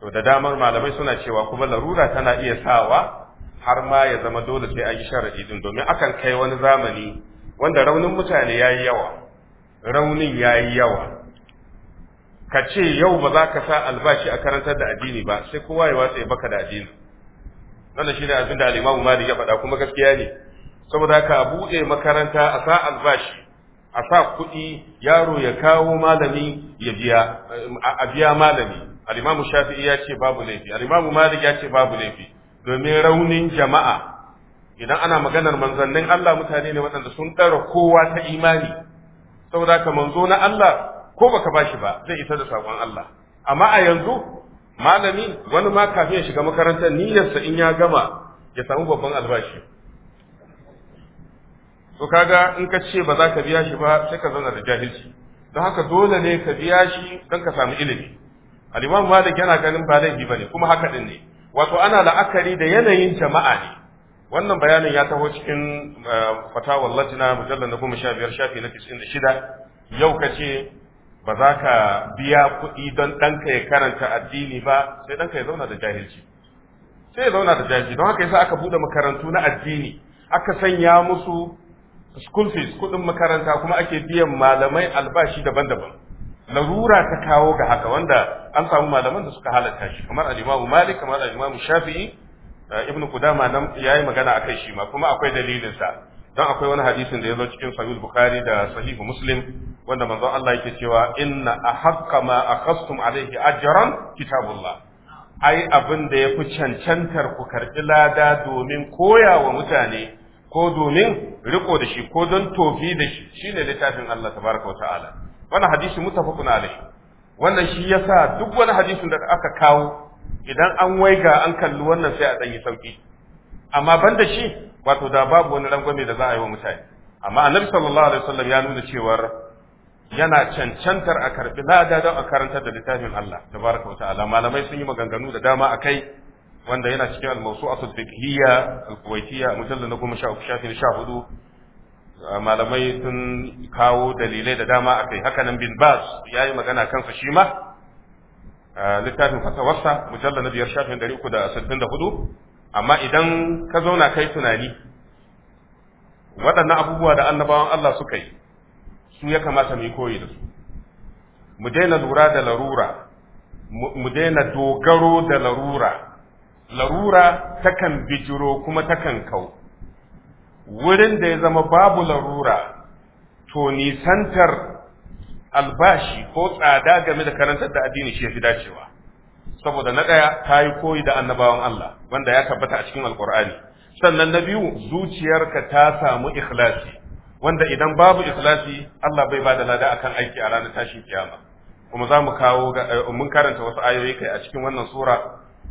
to da damar malamai suna cewa kuma larura tana iya sawa har ma ya zama dole sai an yi sharadi din domin akan kai wani zamani wanda raunin mutane yayi yawa raunin yayi yawa ka ce yau ba za ka sa albashi a karantar da addini ba sai kowa ya watsa baka da addini wannan shine abin da al-Imam Malik ya faɗa kuma gaskiya ne saboda haka a buɗe makaranta a sa albashi a sa kuɗi yaro ya kawo malami ya biya a biya malami al Shafi'i ya ce babu laifi al Malik ya ce babu laifi domin raunin jama'a idan ana maganar manzannin Allah mutane ne waɗanda sun ɗara kowa ta imani saboda haka manzo na Allah ko baka bashi ba zai isa da sakon Allah amma a yanzu malami wani ma kafin ya shiga makarantar niyyarsa in ya gama ya samu babban albashi to kaga in ka ce ba za ka biya shi ba sai ka zauna da jahilci don haka dole ne ka biya shi don ka samu ilimi al'imam malik yana ganin ba laifi ba ne kuma haka din ne wato ana la'akari da yanayin jama'a ne wannan bayanin ya taho cikin eh, fatawar latina mujallar na goma sha biyar shafi na tisin da shida yau ka ce ba za ka biya kuɗi don ɗanka ya karanta addini ba sai ɗanka ya zauna da jahilci sai ya zauna da jahilci don haka yasa aka buɗe makarantu na addini aka sanya musu school fees kuɗin makaranta kuma ake biyan malamai albashi daban-daban larura ta kawo ga haka wanda an samu malaman da suka halatta shi kamar alimamu Malik kamar alimamu Shafi'i ibnu kudama nan yayi magana akai shi ma kuma akwai dalilin sa dan akwai wani hadisin da zo cikin sahih bukhari da sahih muslim wanda manzo Allah yake cewa inna ahqqa ma akhastum alayhi ajran kitabullah ai abin da yafi cancantar ku karbi lada domin koyawa mutane ko domin riko da shi ko don tofi da shi shine littafin Allah tabaraka wa ta'ala wannan hadisi mutafaqun alayhi wannan shi yasa duk wani hadisin da aka kawo idan an waiga an kalli wannan sai a danyi sauki amma banda shi wato da babu wani rangwame da za a yi wa mutane amma annabi sallallahu alaihi wasallam ya nuna cewar yana cancantar a karbi lada don a karantar da littafin Allah tabaraka wa ta'ala malamai sun yi maganganu da dama akai wanda yana cikin al-mawsu'atul fiqhiyya al-kuwaitiyya mujallal na 13 shafin 14 malamai sun kawo dalilai da dama akai haka nan bin bas yayi magana kansa shi ma ah, littafin fatawarsa mujallal na 5 shafin 364 amma idan ka zauna kai tunani waɗannan abubuwa da annabawan Allah suka yi su ya kamata mu yi koyi da su mu daina lura da larura mu daina dogaro da larura larura takan bijiro kuma takan kau wurin da ya zama babu larura to nisantar albashi ko tsada game da karantar da addini shi ya fi dacewa saboda na ɗaya ta yi koyi da annabawan Allah wanda ya tabbata a cikin alkur'ani sannan na biyu zuciyarka ta samu ikhlasi wanda idan babu ikhlasi Allah bai bada lada akan aiki a ranar tashin kiyama kuma za mu kawo eh, mun karanta wasu ayoyi kai a cikin wannan sura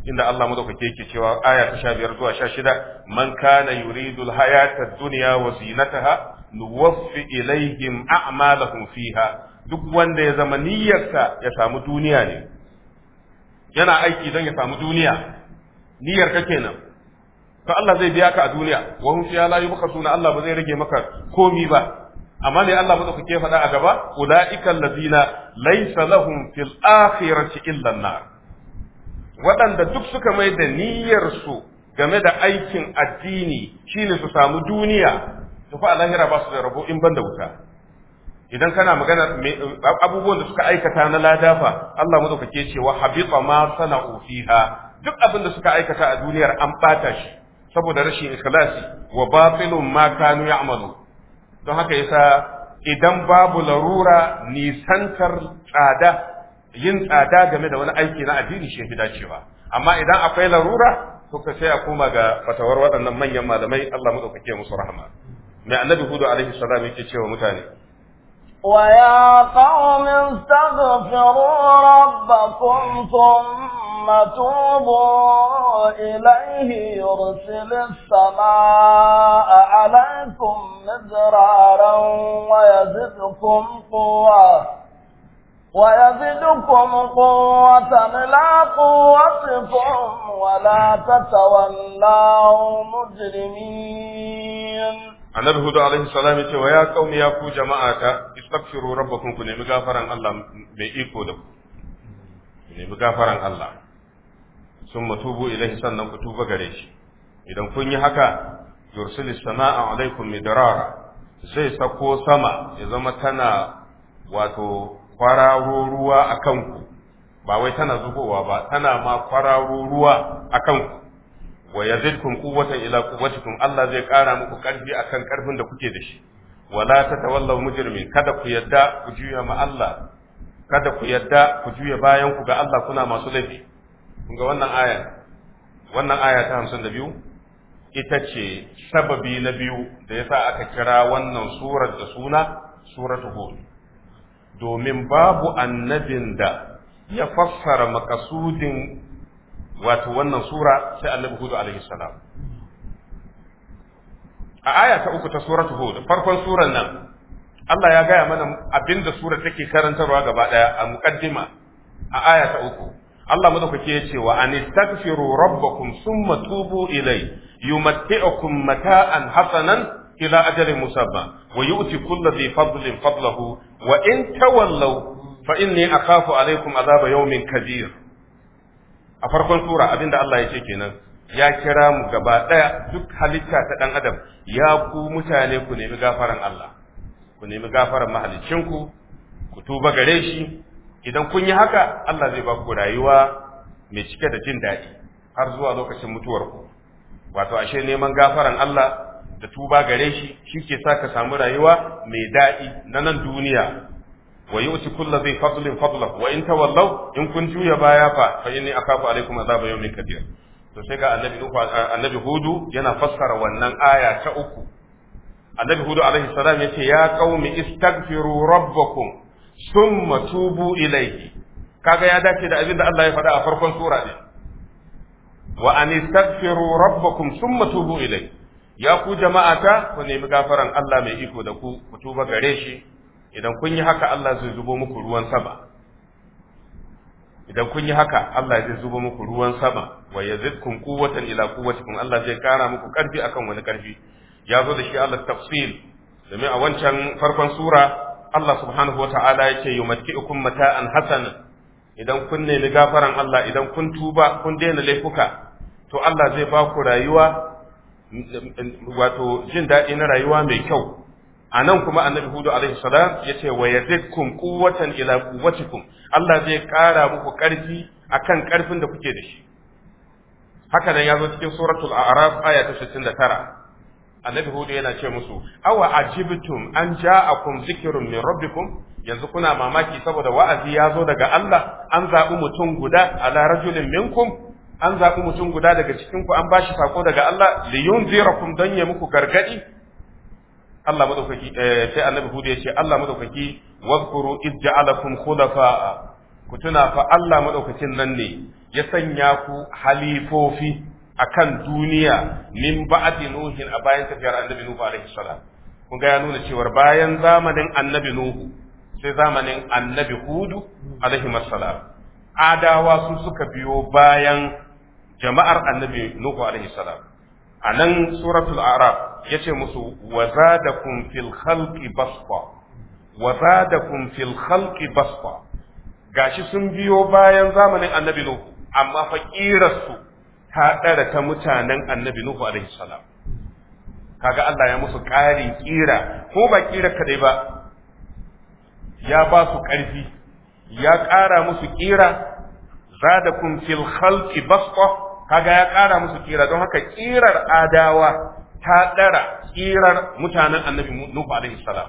inda Allah madaukake yake cewa aya ta 15 zuwa 16 man kana yuridul hayata dunya wa zinataha nuwaffi ilaihim a'malahum fiha duk wanda ya zama niyyarsa ya samu duniya ne yana aiki don ya samu duniya niyyar ka kenan to Allah zai biya ka a duniya wa hum fiha la yubkhasuna Allah ba zai rage maka komi ba amma ne Allah ba ke faɗa a gaba ulaikal ladina laysa lahum fil akhirati illa an-nar waɗanda duk suka mai da niyyar su game da aikin addini shine su samu duniya to fa a lahira ba su da rabo in banda wuta idan kana magana abubuwan da suka aikata na ladafa Allah madaukake ce wa habita ma sana'u fiha duk abin da suka aikata a duniyar an bata shi saboda rashin ikhlasi wa batilun ma kanu ya'malu don haka yasa idan babu larura nisantar tsada yin tsada game da wani aiki na addini shi fi dacewa amma idan akwai larura to ka sai a koma ga fatawar waɗannan manyan malamai Allah madaukake musu rahama mai annabi hudu alaihi salam yake cewa mutane ويا قوم استغفروا ربكم ثم توبوا إليه يرسل السماء عليكم مزرارا ويزدكم قوة ويزدكم قوة لا قوتكم ولا تتولوا مجرمين annabi hudu alaihi salam ya ce wa ya kauni ya ku jama'ata istaghfiru rabbakum ku nemi gafaran Allah mai iko da ku ku nemi gafaran Allah sun matubu ilaihi sannan ku tuba gare shi idan kun yi haka yursilis sama'a alaikum midrara sai sako sama ya zama tana wato kwararo ruwa a kanku ba wai tana zubowa ba tana ma kwararo ruwa a kanku wa yazidkum quwwatan ila quwwatikum Allah zai kara muku karfi akan karfin da kuke da shi wala tatawallaw mujrimin kada ku yadda ku juya ma Allah kada ku yadda ku juya bayan ku ga Allah kuna masu laifi kun ga wannan aya wannan aya ta 52 ita ce sababi na biyu da yasa aka kira wannan surar da suna suratu hud domin babu annabin da ya fassara makasudin wato wannan sura sai annabi hudu alaihi salam a aya ta uku ta suratu hud farkon surar nan Allah ya gaya mana abinda sura take karantarwa gaba daya a muqaddima a aya ta uku Allah madaukake ya ce wa anistaghfiru rabbakum thumma tubu ilai yumatti'ukum mata'an hasanan ila ajalin musamma wa yu'ti kulli dhi fadlin fadlahu wa in tawallaw fa inni akhafu alaykum adhaba yawmin kabir a farkon sura abinda Allah ya ce kenan ya kira mu gaba daya duk halitta ta ɗan adam ya ku mutane ku nemi gafaran Allah ku nemi gafaran mahaliccin ku ku tuba gare shi idan kun yi haka Allah zai ba ku rayuwa mai cike da jin daɗi har zuwa lokacin mutuwarku wato ashe neman gafaran Allah da tuba gare shi shi ke sa ka samu rayuwa mai daɗi na nan duniya wa yu'ti kullu dhi fadlin fadlahu wa in tawallaw in kun juya baya fa fa inni akhafu alaikum azaba yawmin kabir to sai ga annabi annabi hudu yana fassara wannan aya ta uku annabi hudu alaihi salam yace ya qaumi istaghfiru rabbakum thumma tubu ilayhi kaga ya dace da abin da Allah ya faɗa a farkon sura ne wa an istaghfiru rabbakum thumma tubu ilayhi ya ku jama'ata ku nemi gafaran Allah mai iko da ku ku tuba gare shi idan kun yi haka Allah zai zubo muku ruwan sama idan kun yi haka Allah zai zubo muku ruwan sama wa yazidkum quwwatan ila quwwatikum Allah zai kara muku karfi akan wani karfi ya zo da shi Allah tafsil domin a wancan farkon sura Allah subhanahu wata'ala yake yumatikum mata'an hasana idan kun nemi gafaran Allah idan kun tuba kun daina laifuka to Allah zai ba ku rayuwa wato jin daɗi na rayuwa mai kyau a nan kuma annabi hudu alaihi salam ya ce wa yazidkum quwwatan ila quwwatikum Allah zai kara muku karfi akan karfin da kuke da shi haka nan ya cikin suratul a'raf aya ta 69 annabi hudu yana ce musu awa ajibtum an ja'akum zikrun min rabbikum yanzu kuna mamaki saboda wa'azi ya zo daga Allah an zabi mutum guda ala rajulin minkum an zabi mutum guda daga cikin ku an bashi sako daga Allah liyunzirakum dan ya muku gargadi Allah madaukaki eh, sai annabi Hud ya ce Allah madaukaki wazkuru iz ja'alakum khulafa ku tuna fa Allah madaukakin nan ne ya sanya ku halifofi akan duniya min ba'di nuhin a bayan tafiyar annabi nuhu alaihi salam kun ga ya nuna cewa bayan zamanin annabi nuhu sai zamanin annabi hudu alaihi salam adawa su suka biyo bayan jama'ar annabi nuhu alaihi salam a nan suratul arab ya ce musu wa da fil halki basfa wa zadakum fil khalqi basfa gashi sun biyo bayan zamanin annabi nuhu amma fa ƙirarsu ta ɗara ta mutanen annabi nuhu alaihi salam kaga Allah ya musu ƙarin ƙira. ko ba ƙira kadai ba ya ba su ƙarfi ya ƙara musu ƙira zadakum fil khalqi basfa kaga ya ƙara musu kira don haka kirar adawa ta ɗara kirar mutanen annabi nufa alaihi salam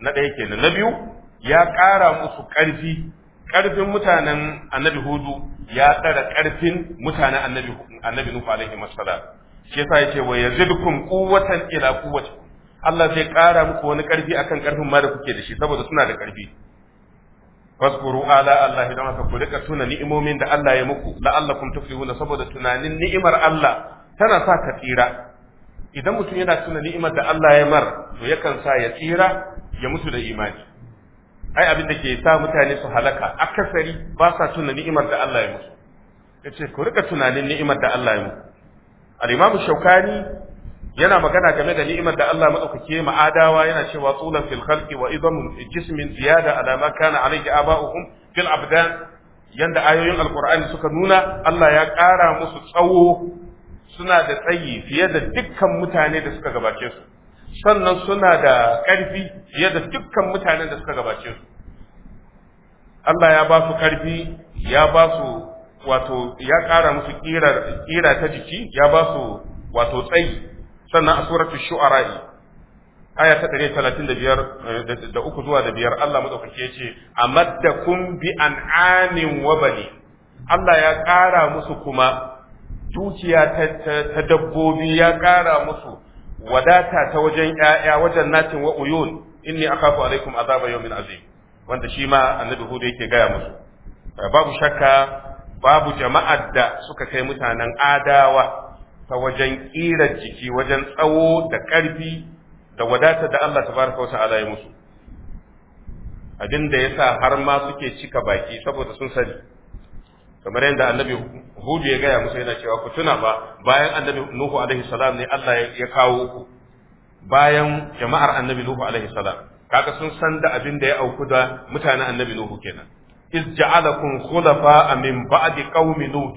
na ɗaya kenan na biyu ya ƙara musu ƙarfi ƙarfin mutanen annabi hudu ya ɗara ƙarfin mutanen annabi annabi nufa alaihi salam shi yasa yace wa yazidukum quwwatan ila quwwatikum Allah zai ƙara muku wani ƙarfi akan ƙarfin ma da kuke da shi saboda suna da ƙarfi faskuru ala Allah don ku rika tuna ni'imomin da Allah ya muku la'allakum tuflihuna saboda tunanin ni'imar Allah tana sa ka tsira idan mutum yana tuna ni'imar da Allah ya mar to yakan sa ya tsira ya mutu da imani ai abin da ke sa mutane su halaka akasari ba sa tuna ni'imar da Allah ya ku tunanin ni'imar da Allah ya muku yana magana game da ni'imar da Allah madaukake ma adawa yana cewa tsulan fil khalqi wa idamun jismin ziyada ala ma kana alayhi aba'uhum fil abdan yanda ayoyin alqur'ani suka nuna Allah ya ƙara musu tsawo suna da tsayi fiye da dukkan mutane da suka gabace su sannan suna da ƙarfi fiye da dukkan mutanen da suka gabace su Allah ya ba su ƙarfi ya ba su wato ya ƙara musu ƙira ta jiki ya ba su wato tsayi sannan a suratul shu'ara'i aya ta 135 eh, da uku zuwa da biyar Allah madaukake yace amaddakum bi an'amin wa bani Allah ya ƙara musu kuma dukiya ta dabbobi ya ƙara musu wadata ta wajen 'ya'ya wajen natin wa uyun inni akhafu alaikum azaba yawmin azim wanda shi ma annabi hudu yake gaya musu eh, babu shakka babu jama'ar da suka kai mutanen adawa ta wajen ƙirar jiki wajen tsawo da ƙarfi da wadatar da Allah tabaraka wa ta'ala ya musu abin da yasa har ma suke cika baki saboda sun sani kamar yadda annabi hudu ya gaya musu yana cewa ku tuna ba bayan annabi nuhu alaihi salam ne Allah ya kawo ku bayan jama'ar annabi nuhu alaihi salam kaga sun san da abin da ya auku da mutanen annabi nuhu kenan iz ja'alakum khulafa min ba'di qaumi nuh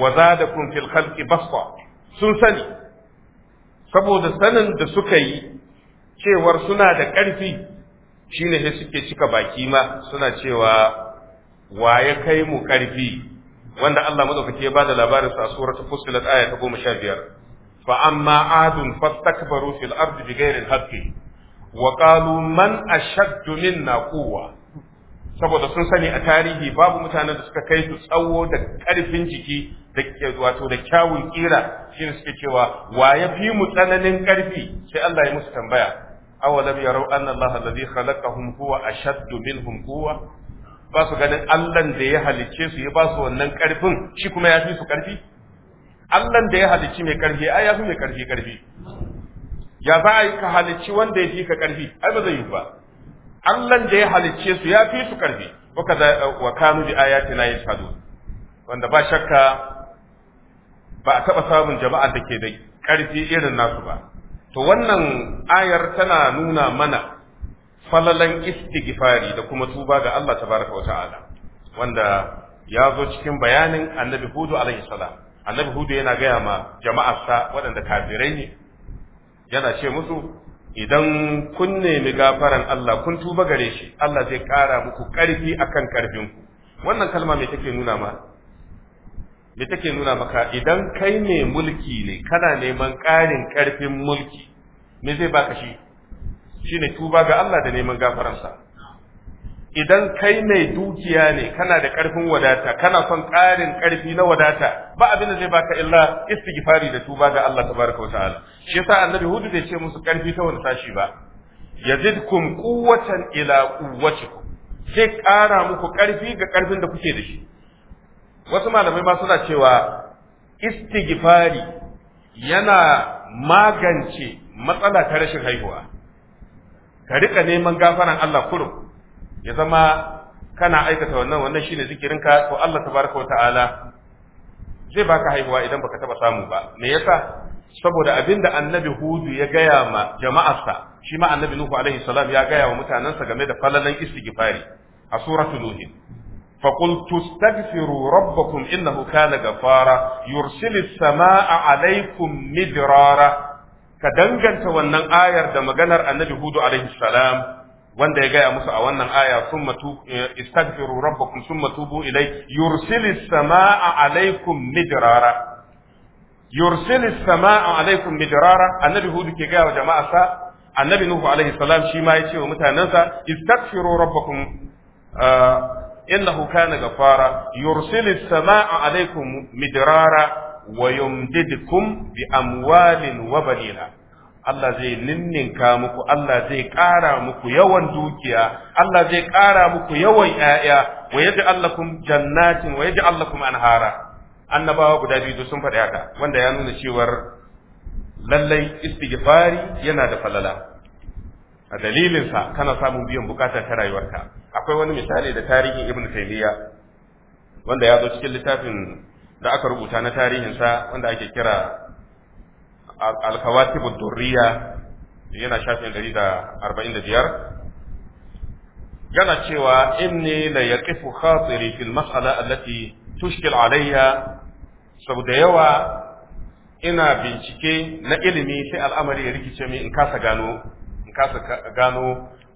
wa zadakum fil khalqi basta sun sani saboda sanin da suka yi cewar suna da ƙarfi shine sai suke cika baki ma suna cewa wa ya kai mu ƙarfi wanda Allah madaukake ya bada labarin sa suratul fussilat aya ta 15 fa amma adun fastakbaru fil ardi bighairi al-haqqi wa qalu man ashaddu minna quwwa saboda sun sani a tarihi babu mutanen da suka kai su tsawo da ƙarfin jiki da wato da kyawun kira shine suke cewa wa ya fi mu tsananin ƙarfi sai Allah ya musu tambaya awalam yarau anna Allah alladhi khalaqahum huwa ashaddu minhum quwwa ba su ganin Allah da ya halicce su ya ba su wannan ƙarfin shi kuma ya fi su ƙarfi Allah da ya halicci mai ƙarfi ai ya fi mai ƙarfi ƙarfi ya za a yi ka halicci wanda ya fi ka ƙarfi ai ba zai yi ba Allah da ya halicce su ya fi su karfi wa kanu bi ayatina yashhadun wanda ba shakka ba a taɓa samun jama'a da ke da ƙarfi irin nasu ba to wannan ayar tana nuna mana falalan istighfari da kuma tuba ga Allah tabaraka wa ta'ala wanda ya zo cikin bayanin annabi hudu alaihi salam annabi hudu yana gaya ma jama'arsa waɗanda kafirai ne yana ce musu idan kun nemi gafaran Allah kun tuba gare shi Allah zai ƙara muku ƙarfi akan ƙarfinku wannan kalma me take nuna ma me take nuna maka idan kai ne mulki ne kana neman ƙarin ƙarfin mulki me zai baka shi shine tuba ga Allah da neman gafaransa idan kai mai dukiya ne kana da ƙarfin wadata kana son ƙarin ƙarfi na wadata ba abin da zai baka illa istighfari da tuba ga Allah tabaraka wa ta'ala shi yasa annabi hudu bai ce musu ƙarfi ta wani sashi ba yazidkum quwwatan ila quwwatikum sai ƙara muku ƙarfi ga ƙarfin da kuke da shi wasu malamai ma suna cewa istighfari yana magance matsala ta rashin haihuwa ka rika neman gafaran Allah kurum ya zama kana aikata wannan wannan shine ka to Allah tabaraka wata'ala zai baka haihuwa idan baka taba samu ba me yasa saboda abinda annabi hudu ya gaya ma jama'arsa shi ma annabi nuhu alaihi salam ya gaya wa mutanansa game da falalan istighfari a suratul nuh فقل تستغفروا ربكم إنه كان غفارا يرسل midrara Ka danganta wannan ayar da maganar Annabi Hudu alaihi salam. wanda ya gaya musu a wannan aya summa tu eh, istaghfiru rabbakum summa tubu ilai yursilis samaa alaikum midrara yursilis samaa alaikum midrara annabi hudu ke gaya wa jama'arsa annabi nuhu alaihi salam shi ma ya ce wa mutanensa istaghfiru rabbakum eh, innahu kana gafara yursilis samaa alaikum midrara wa yumdidukum bi amwalin wa banina Allah zai ninninka muku Allah zai ƙara muku yawan dukiya Allah zai ƙara muku yawan 'ya'ya, wa yaji lakum jannatin wa yaji lakum anhara annabawa guda biyu sun faɗi haka wanda ya nuna cewar lallai istighfari yana da falala a dalilinsa kana samun biyan bukata ta rayuwarka akwai wani misali da tarihin ibn taymiya wanda ya zo cikin littafin da aka rubuta na tarihinsa wanda ake kira al-kawatibud durriya yana shafin 145 yana cewa inni la yaqifu khatiri fil mas'ala allati tushkil alayya saboda yawa ina bincike na ilimi sai al'amari ya rikice min in kasa gano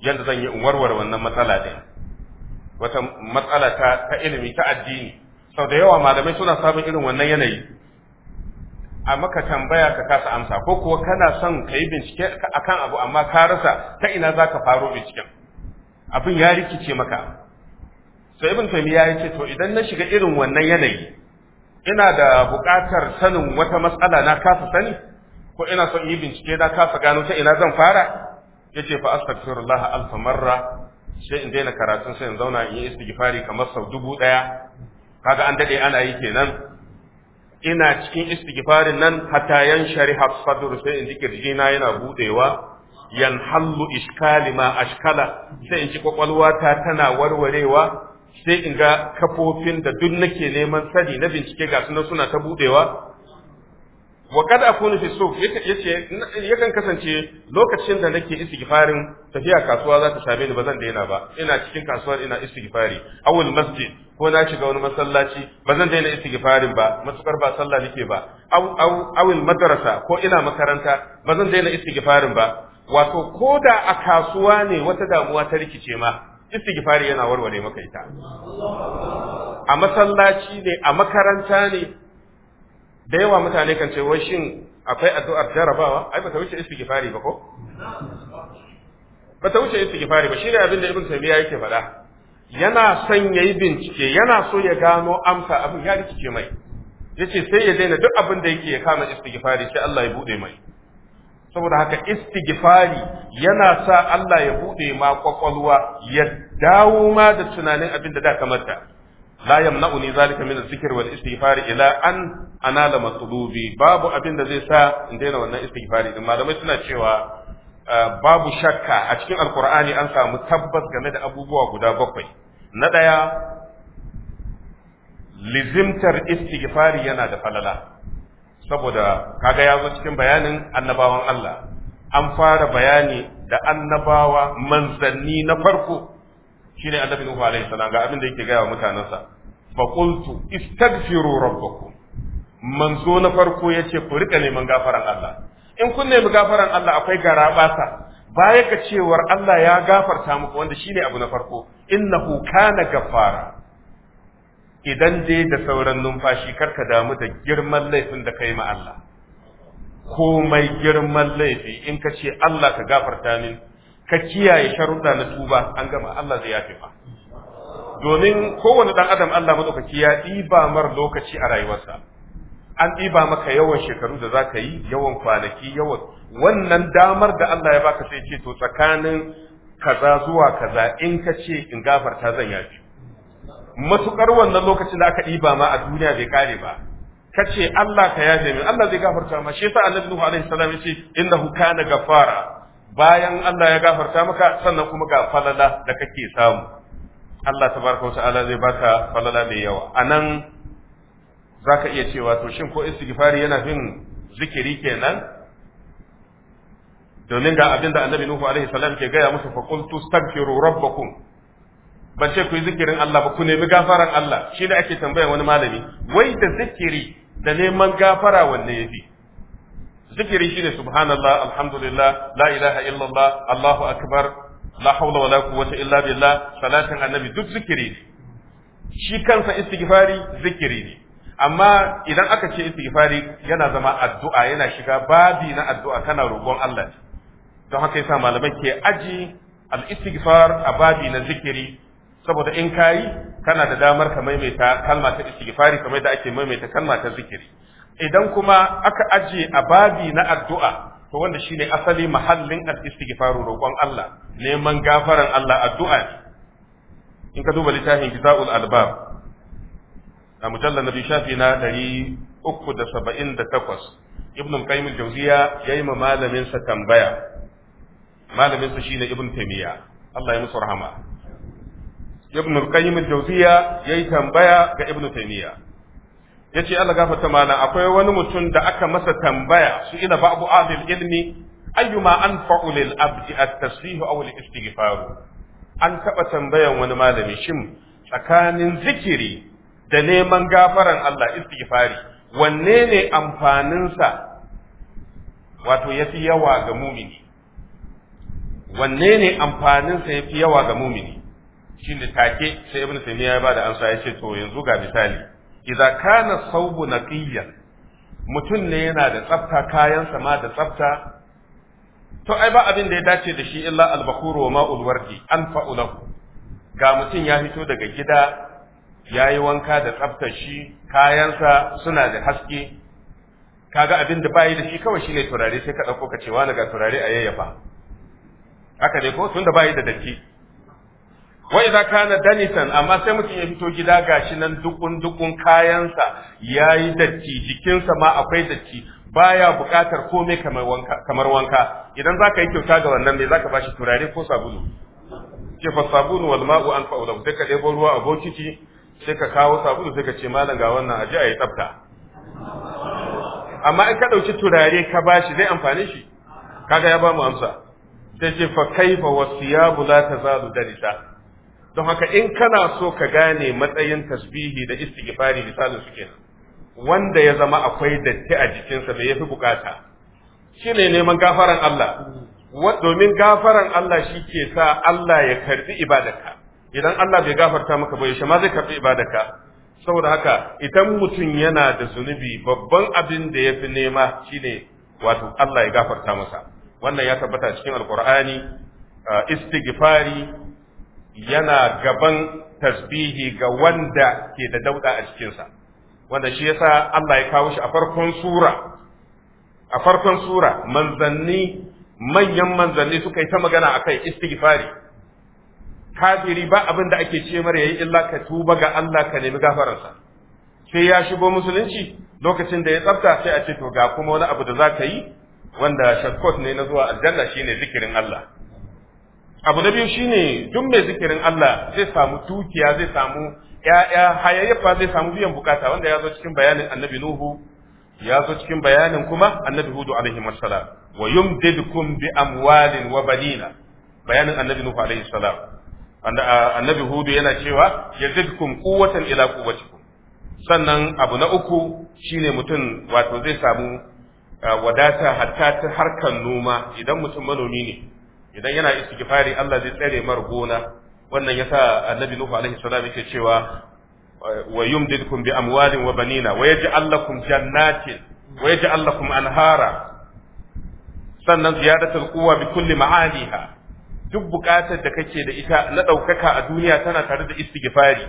yadda zan yi in warware wannan matsala din wata matsala ta, ilimi ta addini sau da yawa malamai suna sabon irin wannan yanayi a maka tambaya ka kasa amsa ko kuwa kana son ka yi bincike kan abu amma ka rasa ta ina za ka faro binciken abin ya rikice maka to ibn taymiya ya ce to idan na shiga irin wannan yanayi ina da buƙatar sanin wata matsala na kasa sani ko ina son yi bincike na kasa gano ta ina zan fara yace fa astaghfirullah alf marra sai in daina karatun sai in zauna in yi istighfari kamar sau dubu ɗaya kaga an dade ana yi kenan ina cikin istighfarin nan hatta yan shariha sai in ji kirjina yana budewa yan hallu iskali ma ashkala sai in ji kwakwalwa ta tana warwarewa sai in ga kafofin da duk nake neman sani na bincike ga sunan suna ta budewa wa kad akunu fi suf yace yakan kasance lokacin da nake istighfarin tafiya kasuwa za ta same ni ba zan daina ba ina cikin kasuwar ina istighfari awul masjid ko na shiga wani masallaci ba zan daina istighfarin ba matukar ba sallah nake ba aw aw awil madrasa ko ina makaranta ba zan daina istighfarin ba wato ko da a kasuwa ne wata damuwa ta rikice ma istighfari yana warware maka ita a masallaci ne a makaranta ne da yawa mutane kan ce wai shin akwai addu'ar jarabawa ai ta wuce istighfari ba ko Ba ta wuce istighfari ba shine abin da ibn taymiya yake faɗa yana son ya yi bincike yana so ya gano amsa abin ya rikice mai ya ce sai ya daina duk abin da yake ya kama istighfari sai Allah ya buɗe mai saboda haka istigifari yana sa Allah ya buɗe ma kwakwalwa ya dawo ma da tunanin abin da da kamata la ni zalika min zikr wal istighfar ila an anala matlubi babu abin da zai sa in daina wannan istighfari din malamai suna cewa eh, babu shakka a cikin alqur'ani an samu tabbas game da abubuwa guda bakwai na ɗaya lizimtar istighfari yana da falala saboda kaga ya zo cikin bayanin annabawan Allah an fara bayani da annabawa manzanni na farko shine annabi Nuhu alaihi salam ga abin da yake gaya wa mutanansa fa qultu istaghfiru rabbakum manzo na farko yace ku rika neman gafaran Allah in kun nemi gafaran Allah akwai garaɓasa. baya ga cewar Allah ya gafarta muku wanda shine abu na farko innahu kana gafara. idan dai da sauran numfashi karka damu da girman laifin da kai ma Allah ko mai girman laifi in ka ce Allah ka gafarta min ka kiyaye sharuɗa na tuba an gama Allah zai yafe domin kowane ɗan adam Allah madaukaki ya ɗiba mar lokaci a rayuwarsa an ɗiba maka yawan shekaru da za ka yi yawan kwanaki yawan wannan damar da Allah ya baka sai ce to tsakanin kaza zuwa kaza in ka ce in gafarta zan yafi matukar wannan lokacin da aka ɗiba ma a duniya bai kare ba ka ce Allah ka yafe min Allah zai gafarta ma shi yasa annabi Nuhu alaihi salam yace innahu kana gafara bayan Allah ya gafarta maka sannan kuma ga falala da kake samu Allah tabaraka wa ta'ala zai baka falala mai yawa anan zaka iya cewa to shin ko istighfari yana fin zikiri kenan domin ga abin da annabi nuhu alaihi salam ke gaya musu fa qultu astaghfiru rabbakum ban ce ku zikirin Allah ba ku nemi gafaran Allah shi ne ake tambaya wani malami wai da zikiri da neman gafara wanne yafi zikiri shine subhanallah alhamdulillah la ilaha illallah allahu akbar la hawla wala quwwata illa billah salatin annabi duk zikiri ne shi kansa istighfari zikiri ne amma idan aka ce istighfari yana zama addu'a yana shiga babi na addu'a kana roƙon Allah don haka yasa malamai ke aji al-istighfar a babi na zikiri saboda in kayi kana da damar ka maimaita kalma ta istighfari kamar da ake maimaita kalma ta zikiri idan kuma aka aje a babi na addu'a to wanda shine asali mahallin al istighfar roƙon Allah neman gafaran Allah addu'a ne in ka duba littafin Gizaul Albab a mujallar na shafi na ɗari uku da saba'in da takwas ibn qayyim jauziya ya yi ma malaminsa tambaya malaminsa shine ibn taymiya Allah ya musu rahama ibn qayyim jauziya ya yi tambaya ga ibn taymiya ya ce Allah gafarta mana akwai wani mutum da aka masa tambaya su ina babu ahlil ilmi ayyuma anfa'u lil abdi at-tasbihu aw al-istighfar an taba tambayan wani malami shin tsakanin zikiri da neman gafaran Allah istighfari wanne ne amfaninsa wato yafi yawa ga mumini wanne ne amfaninsa yafi yawa ga mumini shi ne take sai ibn taymiya ya bada ansa yace to yanzu ga misali idza kana saubu naqiyyan mutum ne yana da tsafta kayansa ma da tsafta to ai ba abin da ya dace da shi illa al-bakhuru wa ma'ul wardi anfa'u lahu ga mutum ya fito daga gida Yayi wanka da tsaftar shi kayansa suna da haske kaga abin da bayi da shi kawai shine turare sai ka ɗauko ka ce wani ga turare a yayyafa haka dai, ko tun da bayi da datti wa idza kana danitan amma sai mutum ya fito gida gashi nan dukun dukun kayansa yayi datti jikinsa ma akwai datti baya buƙatar komai kamar wanka kamar wanka idan zaka yi kyauta ga wannan me zaka bashi turare ko sabulu Ke fa sabulu wal ma'u anfa'u lahu duka dai ruwa a bokiti sai ka kawo sabulu sai ka ce malam ga wannan aje a yi tsafta amma in ka ɗauki turare ka bashi zai amfani shi kaga ya bamu mu amsa sai ce fa kaifa wasiyabu la tazalu darisa don haka in kana so ka gane matsayin tasbihi da istighfari misalin su kenan wanda ya zama akwai datti a jikinsa da yafi bukata shine neman gafaran Allah domin gafaran Allah shi ke sa Allah ya karbi ibadarka idan Allah bai gafarta maka ba yaushe ma zai karbi ibadarka saboda haka idan mutum yana da zunubi babban abin da yafi nema shine wato Allah ya gafarta masa wannan ya tabbata cikin alqur'ani istighfari yana gaban tasbihi ga wanda ke da dauda a cikinsa wanda shi yasa Allah ya kawo shi a farkon sura a farkon sura manzanni manyan manzanni suka yi ta magana akai istighfari kafiri ba abin da ake ce mara yayi illa ka tuba ga Allah ka nemi gafararsa sai ya shigo musulunci lokacin da ya tsafta sai a ce to ga kuma wani abu da za ka yi wanda shakkot ne na zuwa aljanna shine zikirin Allah abu na biyu shine duk mai zikirin Allah zai samu tukiya zai samu ya'ya hayayyafa zai samu biyan bukata wanda ya zo cikin bayanin annabi nuhu ya zo cikin bayanin kuma annabi hudu alaihi wasallam wa yumdidukum bi amwalin wa banina bayanin annabi nuhu alaihi salam annabi hudu yana cewa yazidkum quwwatan ila quwwatikum sannan abu na uku shine mutum wato zai samu wadata hatta ta harkar noma idan mutum manomi ne idan yana istighfari Allah zai tsare mar gona wannan yasa annabi nuhu alaihi salam yake cewa wa yumdidkum bi amwalin wa banina wa yaj'al lakum jannatin wa yaj'al lakum anhara sannan ziyadatul quwwa bi kulli ma'aliha duk bukatar da kake da ita na ɗaukaka a duniya tana tare da istighfari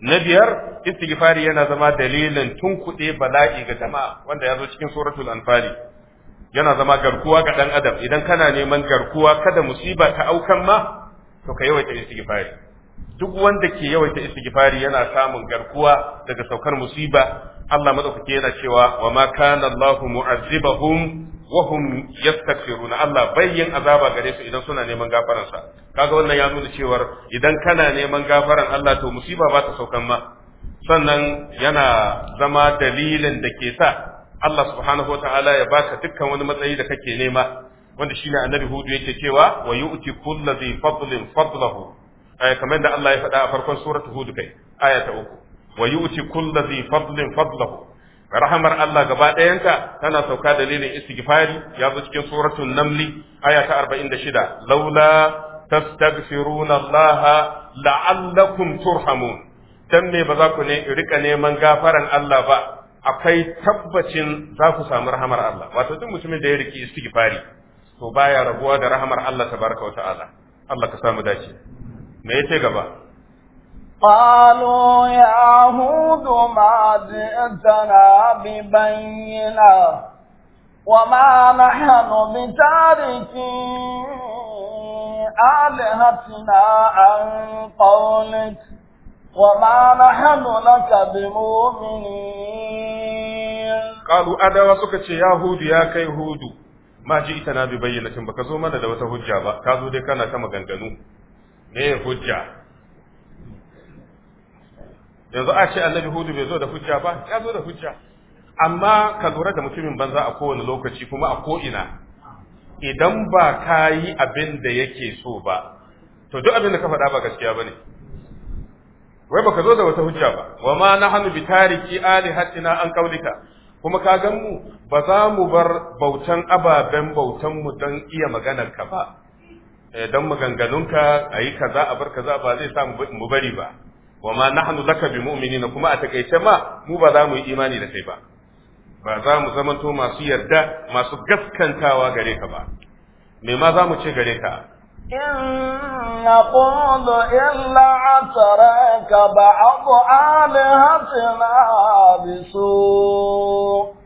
na biyar istighfari yana zama dalilin tunkuɗe bala'i ga jama'a wanda ya zo cikin suratul anfali yana zama garkuwa ga ɗan adam idan kana neman garkuwa kada musiba ta aukan ma to ka yawaita istighfari duk wanda ke yawaita istighfari yana samun garkuwa daga saukar musiba Allah madaukake yana cewa wa ma kana Allahu mu'azzibahum wahum yastakfiruna Allah bai yin azaba gare su idan suna neman gafaran sa kaga wannan ya nuna cewar idan kana neman gafaran Allah to musiba ba ta saukan ma sannan yana zama dalilin da ke sa Allah subhanahu wataala ya baka dukkan wani matsayi da kake nema wanda shine annabi hudu yake cewa wa yu'ti kulli dhi fadlin fadlahu ay eh, kamar da Allah ya faɗa a farkon suratul hud kai aya ta uku wa yu'ti kulli dhi fadlin fadlahu rahamar Allah gaba ɗayanta tana sauka dalilin istighfari ya zo cikin suratul namli aya ta 46 laula tastaghfiruna Allah la'allakum turhamun dan me ba za ku ne rika neman gafaran Allah ba akwai tabbacin za ku samu rahamar Allah wato duk mutumin da ya riki istighfari to baya rabuwa da rahamar Allah tabaraka wa ta'ala Allah ka samu dace me yace gaba قالوا يا هود ما جئتنا ببينا وما نحن بتاركي آلهتنا عن قولك وما نحن لك بمؤمنين قالوا أدوى سكتي يا هود يا كي هود ما جئتنا ببينة بكزو ماذا لو تهجى كازو دي كان كما غنغنو ليه هجى yanzu a ce annabi hudu bai zo da hujja ba ya zo da hujja amma ka lura da mutumin banza a kowane lokaci kuma a ko'ina idan ba ka yi abin da yake so ba to duk abin da ka faɗa ba gaskiya ba ne wai baka zo da wata hujja ba wa ma nahnu bi tariki hatina an kaulika kuma ka gan mu ba za mu bar bautan ababen bautan mu dan iya maganar ka ba eh, dan maganganunka ayi kaza a bar kaza ba zai sa mu bari ba wa ma nahnu laka bi mu'minin kuma a takaice ma mu ba za mu yi imani da kai ba ba za mu zamanto masu yarda masu gaskantawa gare ka ba me ma za mu ce gare ka in naqulu illa ataraka ba'd alihatina bisu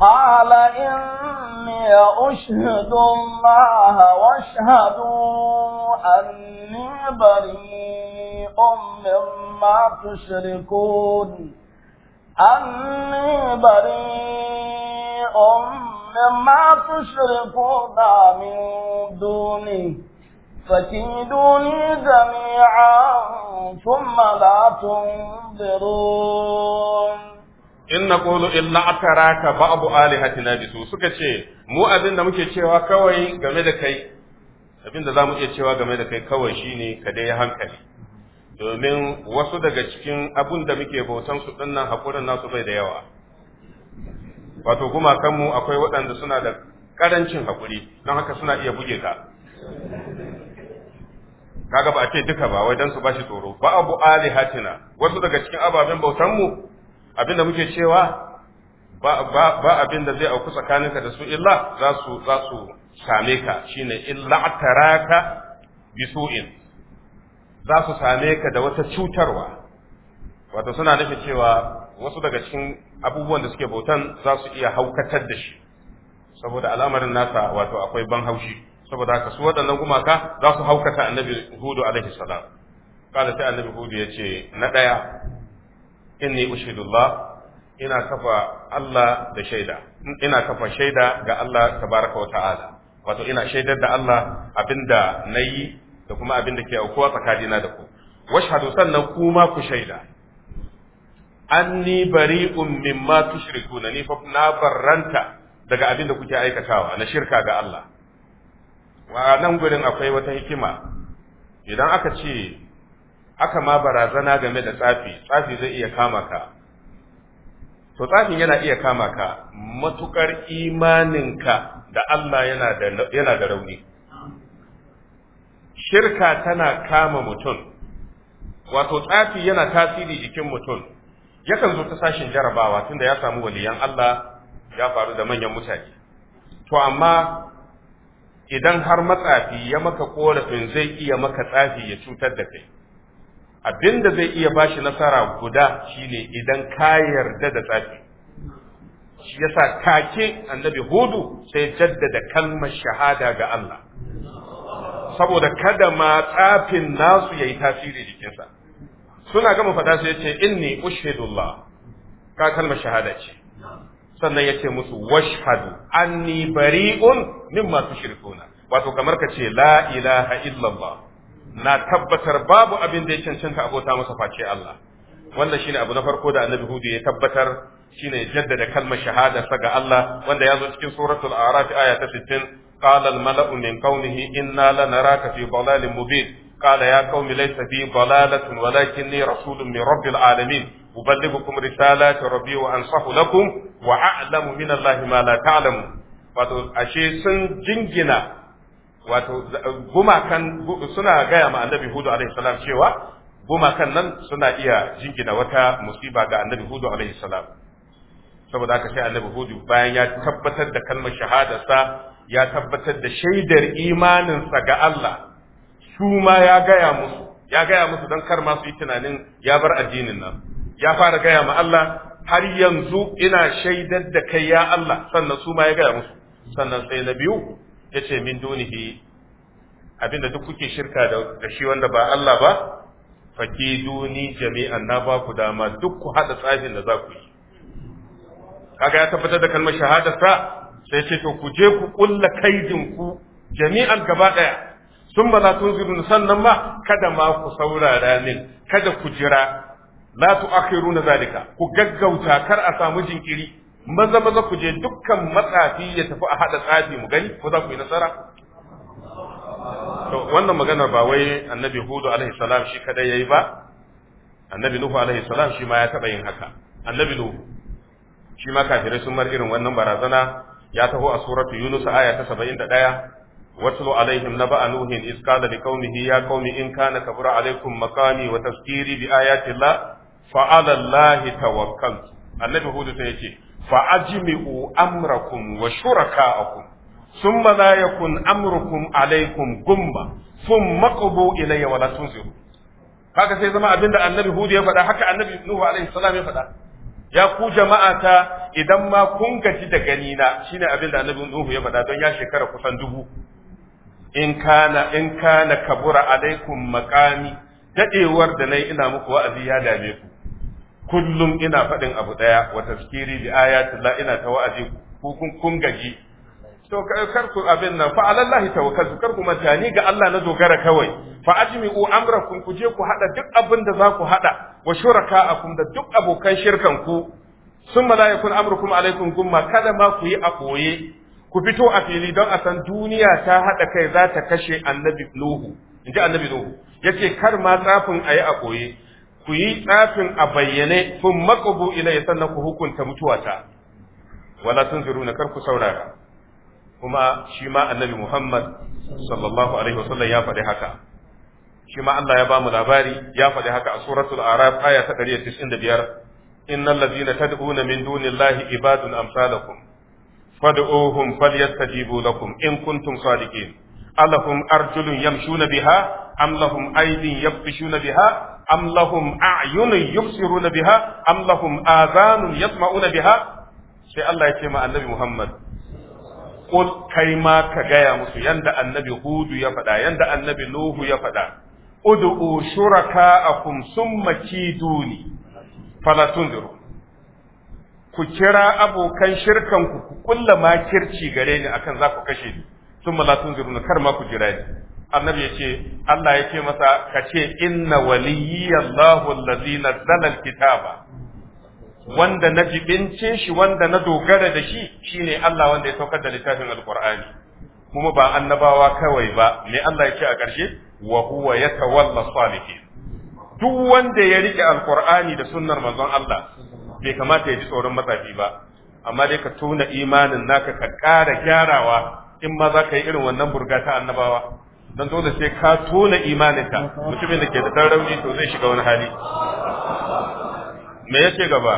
قال إني أشهد الله واشهدوا أني بريء مما تشركون أني بريء مما تشركون من دوني فكيدوني جميعا ثم لا تنظرون in na ƙolo illa ataraka ba'abu alihatina bisu suka ce mu abin da muke cewa kawai game da kai abin da za mu iya cewa game da kai kawai shine ka dai hankali domin wasu daga cikin abun da muke bautan su dinnan hakurin nasu bai da yawa wato gumakanmu akwai waɗanda suna da ƙarancin hakuri don haka suna iya buge ka kaga ba a ce duka ba wai dan su bashi tsoro ba abu alihatina wasu daga cikin ababen bautan mu abin da muke cewa ba abin da zai auku tsakaninka da su illa za su same ka shine illa taraka bisu'in za su same ka da wata cutarwa wato suna nufin cewa wasu daga cikin abubuwan da suke bautan za su iya haukatar da shi saboda al'amarin nasa wato akwai ban haushi saboda haka su waɗannan gumaka za su haukata annabi hudu alaihi salam kada sai annabi hudu ya ce na ɗaya inni ushidullah ina kafa Allah da shaida ina kafa shaida ga Allah tabaraka wa ta'ala wato ina shaidar da Allah abinda nayi da kuma abinda ke aukuwa tsakanina da ku washhadu sannan kuma ku shaida anni bari'un mimma tushrikuna ni fa na barranta daga abinda kuke aikatawa na shirka ga Allah wa nan gurin akwai wata hikima idan aka ce aka ma barazana game da tsafi tsafi zai iya kama ka to tsafin yana iya kama ka matukar imaninka da Allah yana da rauni shirka tana kama mutum wato tsafi yana tasiri jikin mutum yakan zo ta sashin jarabawa tunda ya samu waliyan Allah ya faru da manyan mutane to amma idan har matsafi ya maka ƙorafin, zai iya maka tsafi ya cutar da kai Abin da zai iya ba shi nasara guda shine idan ka yarda da tsafi shi yasa kake annabi hudu sai jaddada kalmar shahada ga Allah saboda kada ma tsafin nasu yayi tasiri jikinsa suna gama fada sai yace inni ushhidullah ka kalmar shahada ce sannan yace musu washhadu anni bari'un mimma tushrikuna wato kamar ka ce la ilaha illallah na tabbatar babu abin da ya cancanta abota masa face Allah wannan shine abu na farko da annabi hudu ya tabbatar shine jaddada kalmar shahada ga Allah wanda ya zo cikin suratul a'raf aya ta 60 qala al mala'u min qawmihi inna lanaraka fi dalalin mubin qala ya qaumi laysa bi dalalatun walakinni rasulun min rabbil alamin uballighukum risalati rabbi wa ansahu lakum wa a'lamu min allahi ma la ta'lamun wato ashe sun jingina wato gumakan suna gaya ma annabi hudu alaihi salam cewa gumakan nan suna iya jingina wata musiba ga annabi hudu alaihi salam saboda haka sai annabi hudu bayan ya tabbatar da kalmar shahadarsa ya tabbatar da shaidar imaninsa ga Allah su ma ya gaya musu ya gaya musu don kar ma su yi tunanin ya bar addinin nan ya fara gaya ma Allah har yanzu ina shaidar da kai ya Allah sannan su ma ya gaya musu sannan sai na biyu yace min dunihi abinda duk kuke shirka da shi wanda ba Allah ba fakiduni jami'an na ba ku dama duk ku haɗa tsafin da za ku yi kaga ya tabbatar da kalmar shahada sa sai ce to ku je ku kulla kaidin ku jami'an gaba daya sun ba za tunzirun sannan ba kada ma ku saurara min kada ku jira la tu'akhiruna zalika ku gaggauta kar a samu jinkiri maza maza ku je dukkan matsafi ya tafi a haɗa tsafi mu gani ko za ku yi nasara to wannan maganar ba wai annabi hudu alaihi salam shi kadai yayi ba annabi nuhu alaihi salam shi ma ya taɓa yin haka annabi nuhu shi ma kafirai sun mar irin wannan barazana ya taho a suratu yunus aya ta 71 واتل عليهم نبأ نوح إذ قال لقومه يا قوم إن كان كبر عليكم مقامي وتذكيري بآيات الله فعلى الله توكلت النبي هود سيأتي fa ajmi'u amrakum wa shuraka'akum thumma la yakun amrukum alaykum gumma thumma qubu ilayya wa la tunziru haka sai zama abinda annabi hudu ya faɗa haka annabi nuhu alaihi salam ya faɗa ya ku jama'ata idan ma kun gaji da gani na shine abinda annabi nuhu ya faɗa don ya shekara kusan dubu in kana in kana kabura alaikum maqami dadewar da nayi ina muku wa'azi ya dame ku kullum ina faɗin abu ɗaya wa tafkiri bi ayatillah ina ta wa'azi ku kun kun gaji to kar ku abin nan fa alallahi tawakkaltu kar ku manta ga Allah na dogara kawai fa ajmi'u amrakum ku je ku hada duk abin da za ku hada wa shuraka'akum da duk abokan shirkan ku summa la yakun amrukum alaikum gumma kada ma ku yi a koye ku fito a fili don a san duniya ta hada kai za ta kashe annabi Nuhu inji annabi Nuhu yace kar ma tsafin ayi a koye ku yi tsafin a bayyane sun makabu ila ya sannan ku hukunta mutuwata wala tun zuru na karku saurara kuma shi ma annabi muhammad sallallahu alaihi wasallam ya faɗi haka shi ma Allah ya ba mu labari ya faɗi haka a suratul araf aya ta biyar. innal ladzina tad'una min dunillahi ibadun amsalakum fad'uhum falyastajibu lakum in kuntum sadiqin alahum arjulun yamshuna biha am lahum aydin yabtishuna biha am lahum a'yunun yubsiruna biha am lahum adhanun yasma'una biha sai Allah ya ce ma annabi Muhammad qul kai ma ka gaya musu yanda annabi Hudu ya faɗa yanda annabi Nuhu ya faɗa ud'u shuraka'akum summa kiduni fala tunziru ku kira abokan shirkan ku ku kulla makirci gare ni akan za ku kashe ni summa la tunziru kar ma ku jira ni annabi yace Allah ya ce masa ka kace inna waliyallahu allazi nazzala alkitaba wanda na jibince shi wanda na dogara da shi shine Allah wanda ya saukar da littafin alqur'ani kuma ba annabawa kawai ba me Allah yace a ƙarshe wa huwa yatawalla salihin duk wanda ya rike alqur'ani da sunnar manzon Allah bai kamata ya ji tsoron matsafi ba amma dai ka tona imanin naka ka ƙara gyarawa in ma za ka yi irin wannan burga ta annabawa dan dole sai ka tona imaninka mutumin da ke da rauni to zai shiga wani hali me yake gaba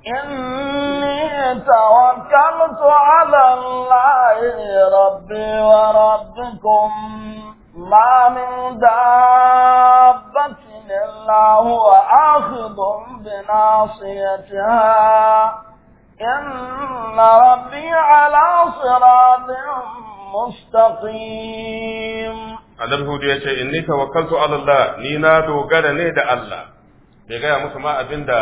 inni tawakkaltu ala allahi rabbi wa rabbikum ma min dabbatin illa huwa akhidun bi nasiyatiha inna rabbi ala siratin مستقيم annabi hudu ya ce in ni tawakkaltu ala Allah ni na dogara ne da Allah bai gaya musu ma abin da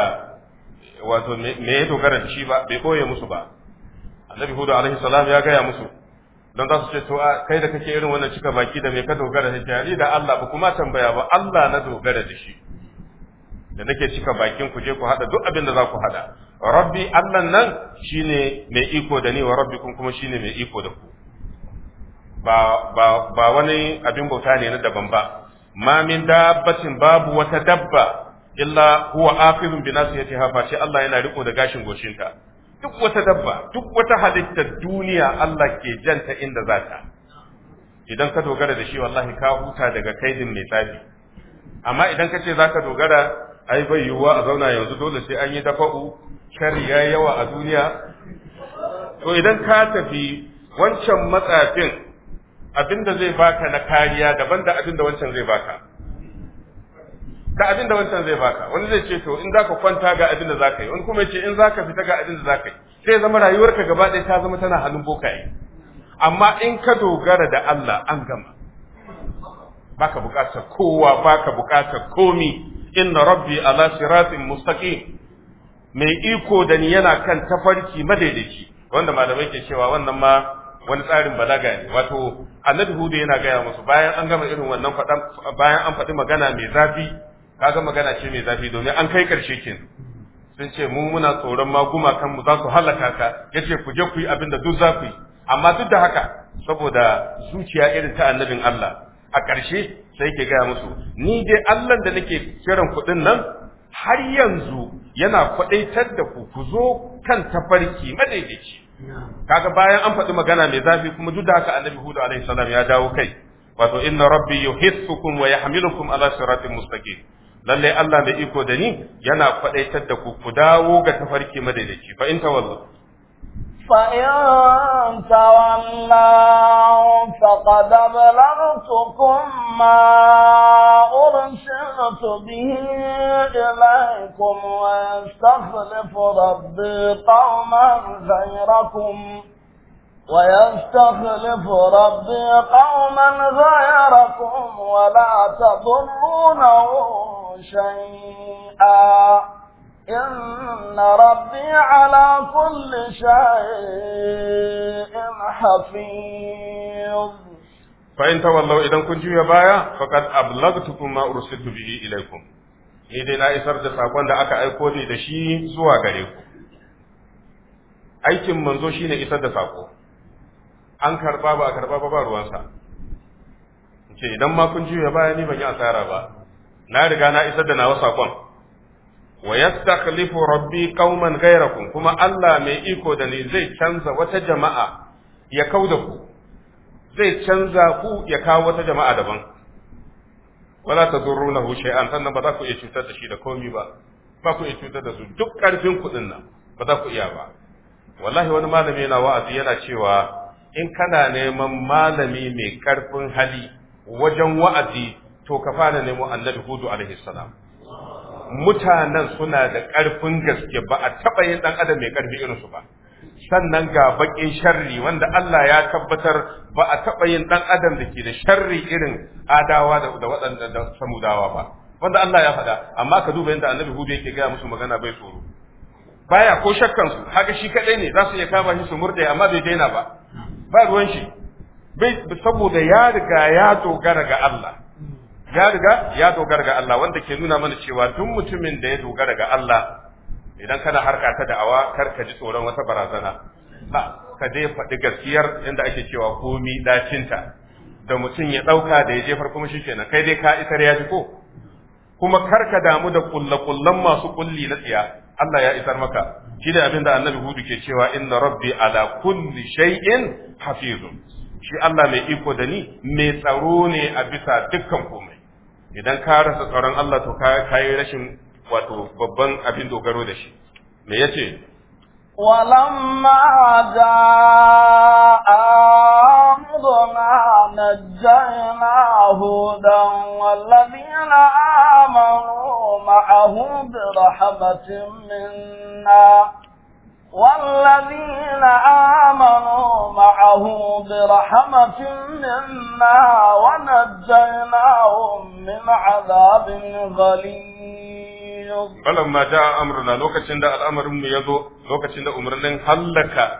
wato me ya dogara da shi ba bai koye musu ba annabi hudu alaihi salam ya gaya musu don za su ce to kai da kake irin wannan cika baki da me ka dogara da shi da Allah ba kuma tambaya ba Allah na dogara da shi da nake cika bakin ku je ku hada duk abin da za ku hada rabbi Allah nan shine mai iko da ni wa rabbikum kuma shine mai iko da ku ba wani abin bauta ne na daban ba ma min dabbatin babu wata dabba illa huwa akhirun bi nasiyatiha hafa ce Allah yana riko da gashin goshinta duk wata dabba duk wata halitta duniya Allah ke janta inda za ta idan ka dogara da shi wallahi ka huta daga kaidin mai tsafi amma idan ka ce za ka dogara ai bai yiwuwa a zauna yanzu dole sai an yi dafa'u kar ya yawa a duniya to idan ka tafi wancan matsafin abinda zai baka na kariya daban da abinda wancan zai baka da abinda wancan zai baka wani zai ce to in za ka kwanta ga abinda ka yi wani kuma ya ce in za ka fita ga abinda ka yi sai zama rayuwarka gaba ɗaya ta zama tana hannun bokaye amma in ka dogara da Allah an gama baka bukatar kowa baka bukatar komi inna rabbi ala siratin mustaqim mai iko da ni yana kan tafarki madaidaici wanda malamai ke cewa wannan ma wani tsarin balaga ne wato annabi hudu yana gaya musu bayan an gama irin wannan faɗan bayan an faɗi magana mai zafi kaga magana ce mai zafi domin an kai ƙarshe kin sun ce mu muna tsoron maguma kan mu za su halaka ka yace ku je ku yi abin da duk za ku yi amma duk da haka saboda zuciya irin ta annabin Allah a ƙarshe sai ke gaya musu ni dai Allah da nake kiran kuɗin nan har yanzu yana kwaɗaitar da ku ku zo kan tafarki madaidaici kaga bayan an faɗi magana mai zafi kuma duk da haka annabi hudu alayhi salam ya dawo kai wato inna rabbi yuhibbukum wa yahmilukum ala siratin mustaqim lalle Allah mai iko da ni yana faɗaitar da ku ku dawo ga tafarki madaidaici fa in tawallu فإن تولوا فقد أبلغتكم ما أرسلت به إليكم ويستخلف ربي قوما غيركم ويستخلف ربي قوما غيركم ولا تضرونه شيئا إن ربي على كل شيء حفيظ فإن تولوا إذا كنت يا بايا فقد أبلغتكم ما أرسلت به إليكم إذا na isar da saƙon da aka aiko ni da shi zuwa gare ku aikin manzo shi ne isar da saƙo. an karɓa ba a karɓa ba ba ruwansa ce idan ma kun juya baya ni ban yi asara ba na riga na isar da nawa sakon wa yastakhlifu rabbi qauman ghayrakum kuma Allah mai iko da ni zai canza wata jama'a ya kauda ku zai canza ku ya kawo wata jama'a daban wala tadurrunahu shay'an sannan ba za ku iya cutar da shi da komi ba ba ku iya cutar da su duk karfin kuɗin nan ba za ku iya ba wallahi wani malami yana wa'azi yana cewa in kana neman malami mai karfin hali wajen wa'azi to ka fara nemo annabi hudu alaihi salam mutanen suna da ƙarfin gaske ba a taɓa yin ɗan adam mai ƙarfi irinsu ba sannan ga baƙin sharri wanda Allah ya tabbatar ba a taɓa yin ɗan adam da ke da sharri irin adawa da waɗanda da samudawa ba wanda Allah ya faɗa amma ka duba yadda annabi hudu yake gaya musu magana bai tsoro baya ko shakkan su haka shi kaɗai ne za su iya kama shi su murɗe amma bai daina ba ba ruwan shi saboda ya riga ya dogara ga Allah ya riga ya dogara ga Allah wanda ke nuna mana cewa duk mutumin da ya dogara ga Allah idan kana harka ta da'awa kar ka ji tsoron wata barazana ba ka dai faɗi gaskiyar inda ake cewa komi dacinta da mutum ya ɗauka da ya jefar kuma shi kenan kai dai ka isar ya ji ko kuma kar ka damu da kullakullan masu kulli na tsiya Allah ya isar maka shi da abin da annabi hudu ke cewa inna rabbi ala kulli shay'in hafizun shi Allah mai iko da ni mai tsaro ne a bisa dukkan komai idan ka rasa tsoron Allah to ka yi rashin wato babban abin dogaro da shi me yace walamma jaa أرضنا نجينا هودا والذين آمنوا معه برحمة minna. والذين آمنوا معه برحمة منا ونجيناهم من عذاب غليظ فلما جاء أمرنا لوكشن ده الأمر من يزو لوكشن ده أمر لن هلك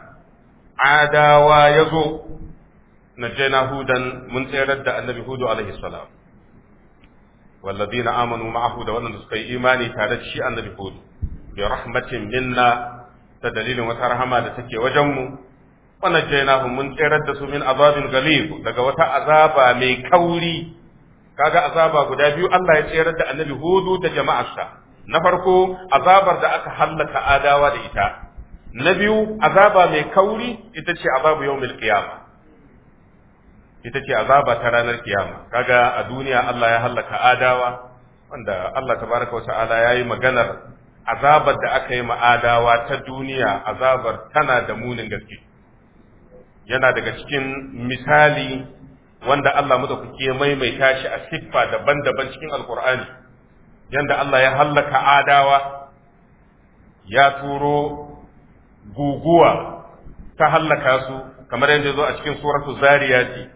عادا ويزو نجينا هودا من سيرد النبي هود عليه السلام والذين آمنوا معه هود ولن نسقي إيماني تارد شيئا النبي هود برحمة منا ta dalilin wata rahama da take wajenmu wannan jainahum mun tserar da su min azabin galib daga wata azaba mai kauri kaga azaba guda biyu Allah ya tserar da annabi hudu da jama'arsa na farko azabar da aka hallaka adawa da ita na biyu azaba mai kauri ita ce azabu yawmil qiyama ita ce azaba ta ranar kiyama kaga a duniya Allah ya hallaka adawa wanda Allah tabaraka wa ta'ala yayi maganar azabar da aka yi ma'adawa ta duniya azabar tana da munin gaske yana daga cikin misali wanda Allah kuke maimaita shi a siffa daban-daban cikin alkur'ani yanda Allah ya hallaka adawa ya turo guguwa ta hallaka su kamar yadda zo a cikin suratu zariyati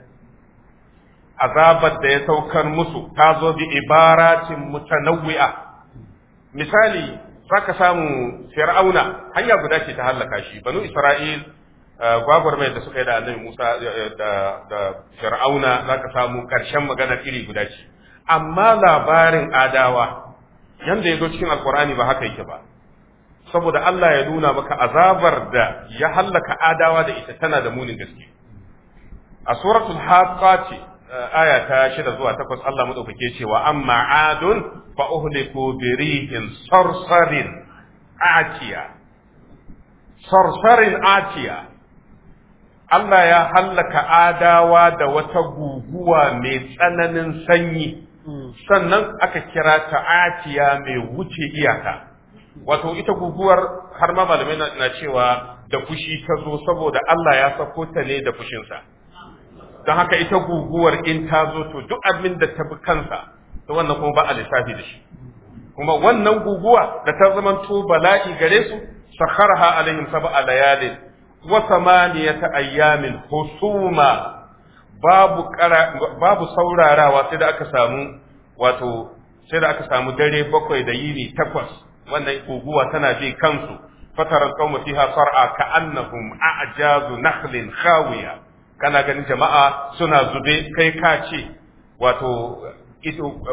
azabar da ya saukar musu ta zo bi ibaratin mutanawwi'a misali zaka samu fir'auna hanya guda ce ta hallaka shi banu isra'il eh, Gwagwar mai da suka yi da annabi musa eh, eh, da fir'auna zaka samu karshen magana iri guda ce amma labarin adawa yanda ya zo cikin alkur'ani ba haka yake ba saboda Allah ya nuna maka azabar da ya hallaka adawa da ita tana da munin gaske a suratul haqqa ce aya ta shida zuwa takwas Allah madaukake cewa amma adun fa uhliku bi rihin sarsarin atiya sarsarin atiya Allah ya hallaka adawa da wata guguwa mai tsananin sanyi sannan aka kira ta atiya mai wuce iyaka wato ita guguwar har ma malamai na cewa da fushi ta zo saboda Allah ya sako ta ne da fushinsa don haka ita guguwar in ta zo to duk abin da ta bi kansa to wannan kuma ba a lissafi da shi kuma wannan guguwa da ta zama to bala'i gare su sakharha alaihim sab'a layalin wa samaniyata ayyamin husuma babu babu saurarawa sai da aka samu wato sai da aka samu dare bakwai da yini takwas wannan guguwa tana bi kansu fataran qawmu fiha sar'a ka'annahum a'jazu nakhlin khawiya kana ganin jama'a suna zube kai ka ce wato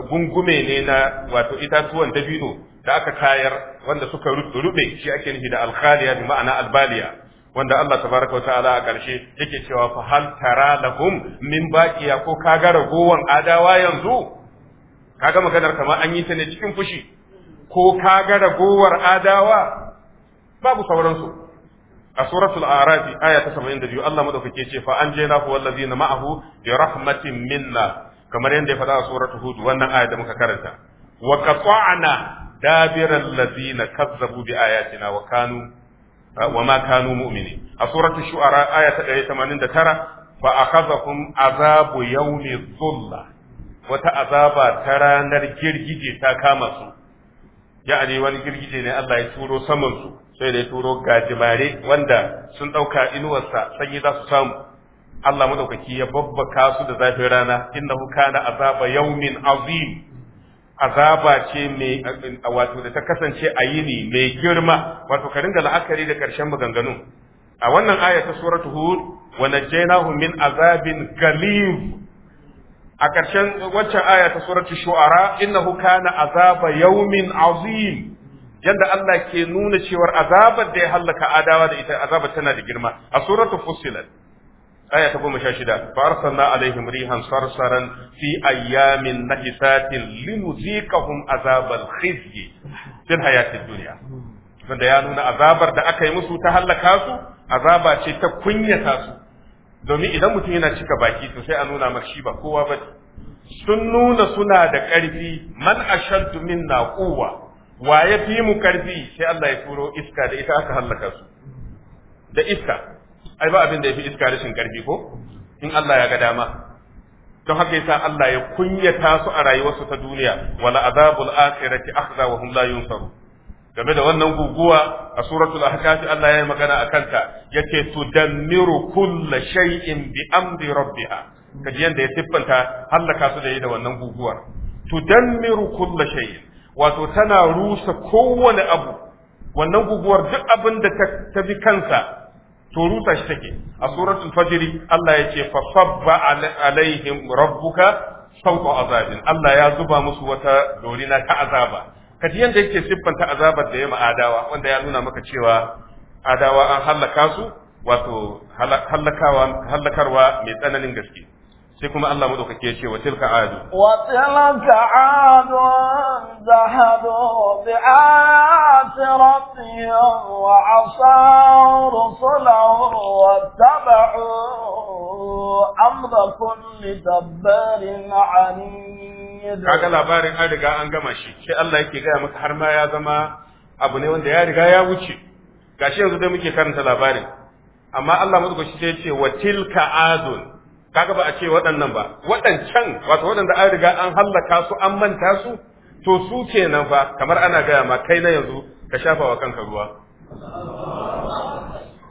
gungume ne na wato itatuwan dabino da aka tayar wanda suka rube shi ake nufi da alkhaliya bi ma'ana albaliya wanda Allah tabaraka ta'ala a karshe yake cewa fa hal tara lahum min baqiya ko ka kaga ragowan adawa yanzu kaga maganar kamar an yi ta ne cikin fushi ko ka kaga ragowar adawa babu sauransu a suratul arafi aya ta 72 Allah madaukake ce fa jena hu wallazina ma'ahu bi rahmatin minna kamar yadda ya faɗa a suratul hud wannan aya da muka karanta wa qata'na dabiral ladina kazzabu bi ayatina wa kanu wa ma kanu mu'mini a suratul shu'ara aya ta 189 fa akhadhahum azabu yawmi dhulla wata azaba ta ranar girgije ta kama su ya'ani wani girgije ne Allah ya turo saman su sai da ya turo gajimare wanda sun ɗauka inuwarsa sanyi za su samu Allah madaukaki ya babbaka su da zafin rana innahu kana azaba yawmin azim azaba ce mai wato da ta kasance a yini mai girma wato ka ringa la'akari da karshen maganganu a wannan aya ta suratu hud wa najaynahu min azabin galim a ƙarshen waccan aya ta suratu shu'ara innahu kana azaba yawmin azim yanda Allah ke nuna cewar azabar da ya hallaka adawa da ita azabar tana da girma a suratul fussilat aya ta goma sha shida fa arsalna alaihim rihan sarsaran fi ayyamin nahisatin linuziqahum azabal khizyi fil hayatid dunya wanda ya nuna azabar da aka yi musu ta hallaka su azaba ce ta kunyata su domin idan mutum yana cika baki to sai a nuna maka shi ba kowa ba sun nuna suna da ƙarfi man ashaddu minna quwwa wa ya fi mu karfi sai Allah ya turo iska da ita aka hallaka su da iska ai ba abin da ya fi iska rashin karfi ko in Allah ya ga dama don haka yasa Allah ya kunyata su a rayuwarsu ta duniya wala azabul akhirati akhza wa hum la yunsaru game da wannan guguwa a suratul ahqaf Allah ya yi magana akan ta yace tudammiru kulla shay'in bi amri rabbiha kaji yanda ya siffanta hallaka su da yi da wannan guguwar tudammiru kulla shay'in wato tana rusa kowane abu wannan guguwar duk abin da ta bi kansa to rusa shi take a suratul fajri Allah ya ce fa sabba alaihim rabbuka sawta azabin Allah ya zuba musu wata dorina ta azaba kaji yanda yake siffanta azabar da ya ma'adawa wanda ya nuna maka cewa adawa an halaka su wato halakarwa mai tsananin gaske sai kuma Allah madaukake ya ce wa tilka adu wa tilka adu zahadu bi ayati rabbihim wa asaw rusulahu wa tabu amra kulli dabbarin anid kaga labarin an riga an gama shi sai Allah yake gaya maka har ma ya zama abu ne wanda ya riga ya wuce gashi yanzu dai muke karanta labarin amma Allah madaukake ya ce wa tilka adun kaga ba a ce waɗannan ba waɗancan wato waɗanda an riga an hallaka su an manta su to su nan fa kamar ana gaya ma kai na yanzu ka shafa wa kanka ruwa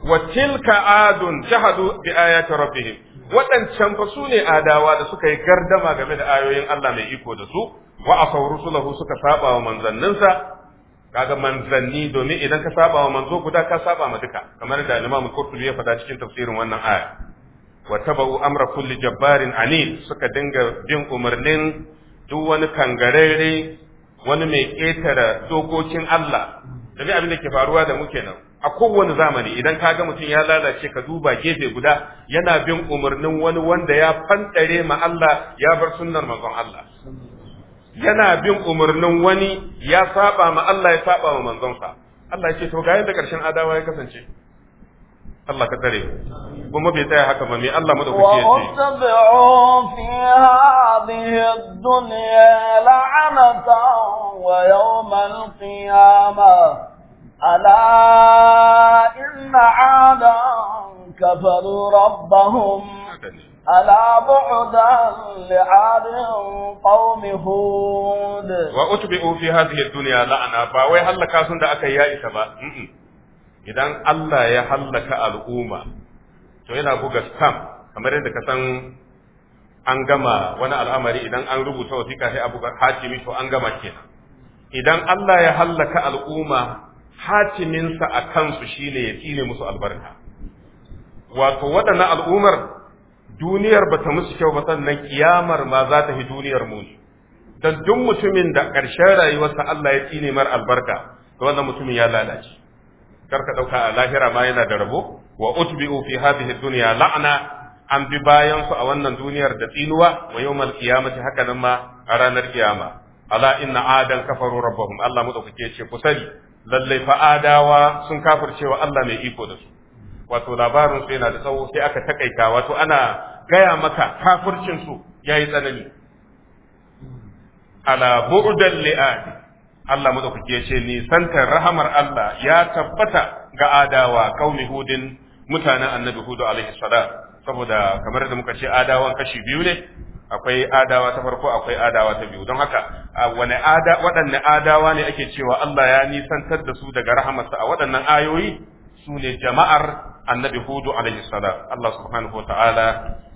wa tilka adun jahadu bi ayati rabbihim waɗancan fa su ne adawa da suka yi gardama game da ayoyin Allah mai iko da su wa asaw rusulahu suka saba wa manzanninsa kaga manzanni domin idan ka saba wa manzo guda ka saba ma duka kamar da Imam Qurtubi ya faɗa cikin tafsirin wannan aya wa taba'u amra kulli jabbarin anil suka dinga bin umarnin duk wani kangarere wani mai ƙetare dokokin Allah da abin da ke faruwa da muke nan a kowane zamani idan ka ga mutum ya lalace ka duba gefe guda yana bin umarnin wani wanda ya fantare ma Allah ya bar sunnar manzon Allah yana bin umarnin wani ya saba ma Allah ya saba ma manzonsa Allah ya ce to ga yadda karshen adawa ya kasance الله كتري وما بيتاي حكا مامي الله مدوكي واتبعوا في هذه الدنيا لعنة ويوم القيامة ألا إن عادا كفروا ربهم ألا بعدا لعاد قوم هود وأتبعوا في هذه الدنيا لعنة باوي هل كاسون دا أكيائي سبا idan Allah ya hallaka al'umma to yana buga stamp kamar yadda ka san an gama wani al'amari idan an rubuta wasiƙa sai a buga hatimi to an gama kenan idan Allah ya hallaka al'umma hatiminsa a kansu shine ya tsine musu albarka wato waɗannan al'ummar duniyar ba ta musu kyau ba sannan kiyamar ma za ta fi duniyar mu don duk mutumin da ƙarshen rayuwarsa Allah ya tsine mar albarka to wannan mutumin ya lalace karka ɗauka a lahira ma yana da rabo wa utbi'u fi hadhihi dunya la'na an bi bayan su a wannan duniyar da tsinuwa wa yawmal qiyamati haka nan ma a ranar kiyama ala inna adan kafaru rabbahum Allah madaukake ce ku sani lalle fa adawa sun kafirce Allah mai iko da su wato labarin su yana da tsawo sai aka takaita wato ana gaya maka kafircin su yayi tsanani ala bu'dan li'adi Allah madaukaki ya ce nisantar rahamar Allah ya tabbata ga adawa kaumi hudin mutanen annabi hudu alaihi salam saboda kamar da muka ce adawan kashi biyu ne akwai adawa ta farko akwai adawa ta biyu don haka wani ada waɗanne adawa ne ake cewa Allah ya nisantar da su daga rahamarsa a waɗannan ayoyi su ne jama'ar annabi hudu alaihi salam Allah subhanahu wa ta'ala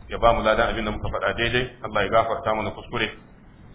ya ba mu ladan abin da muka faɗa daidai Allah ya gafarta mana kuskure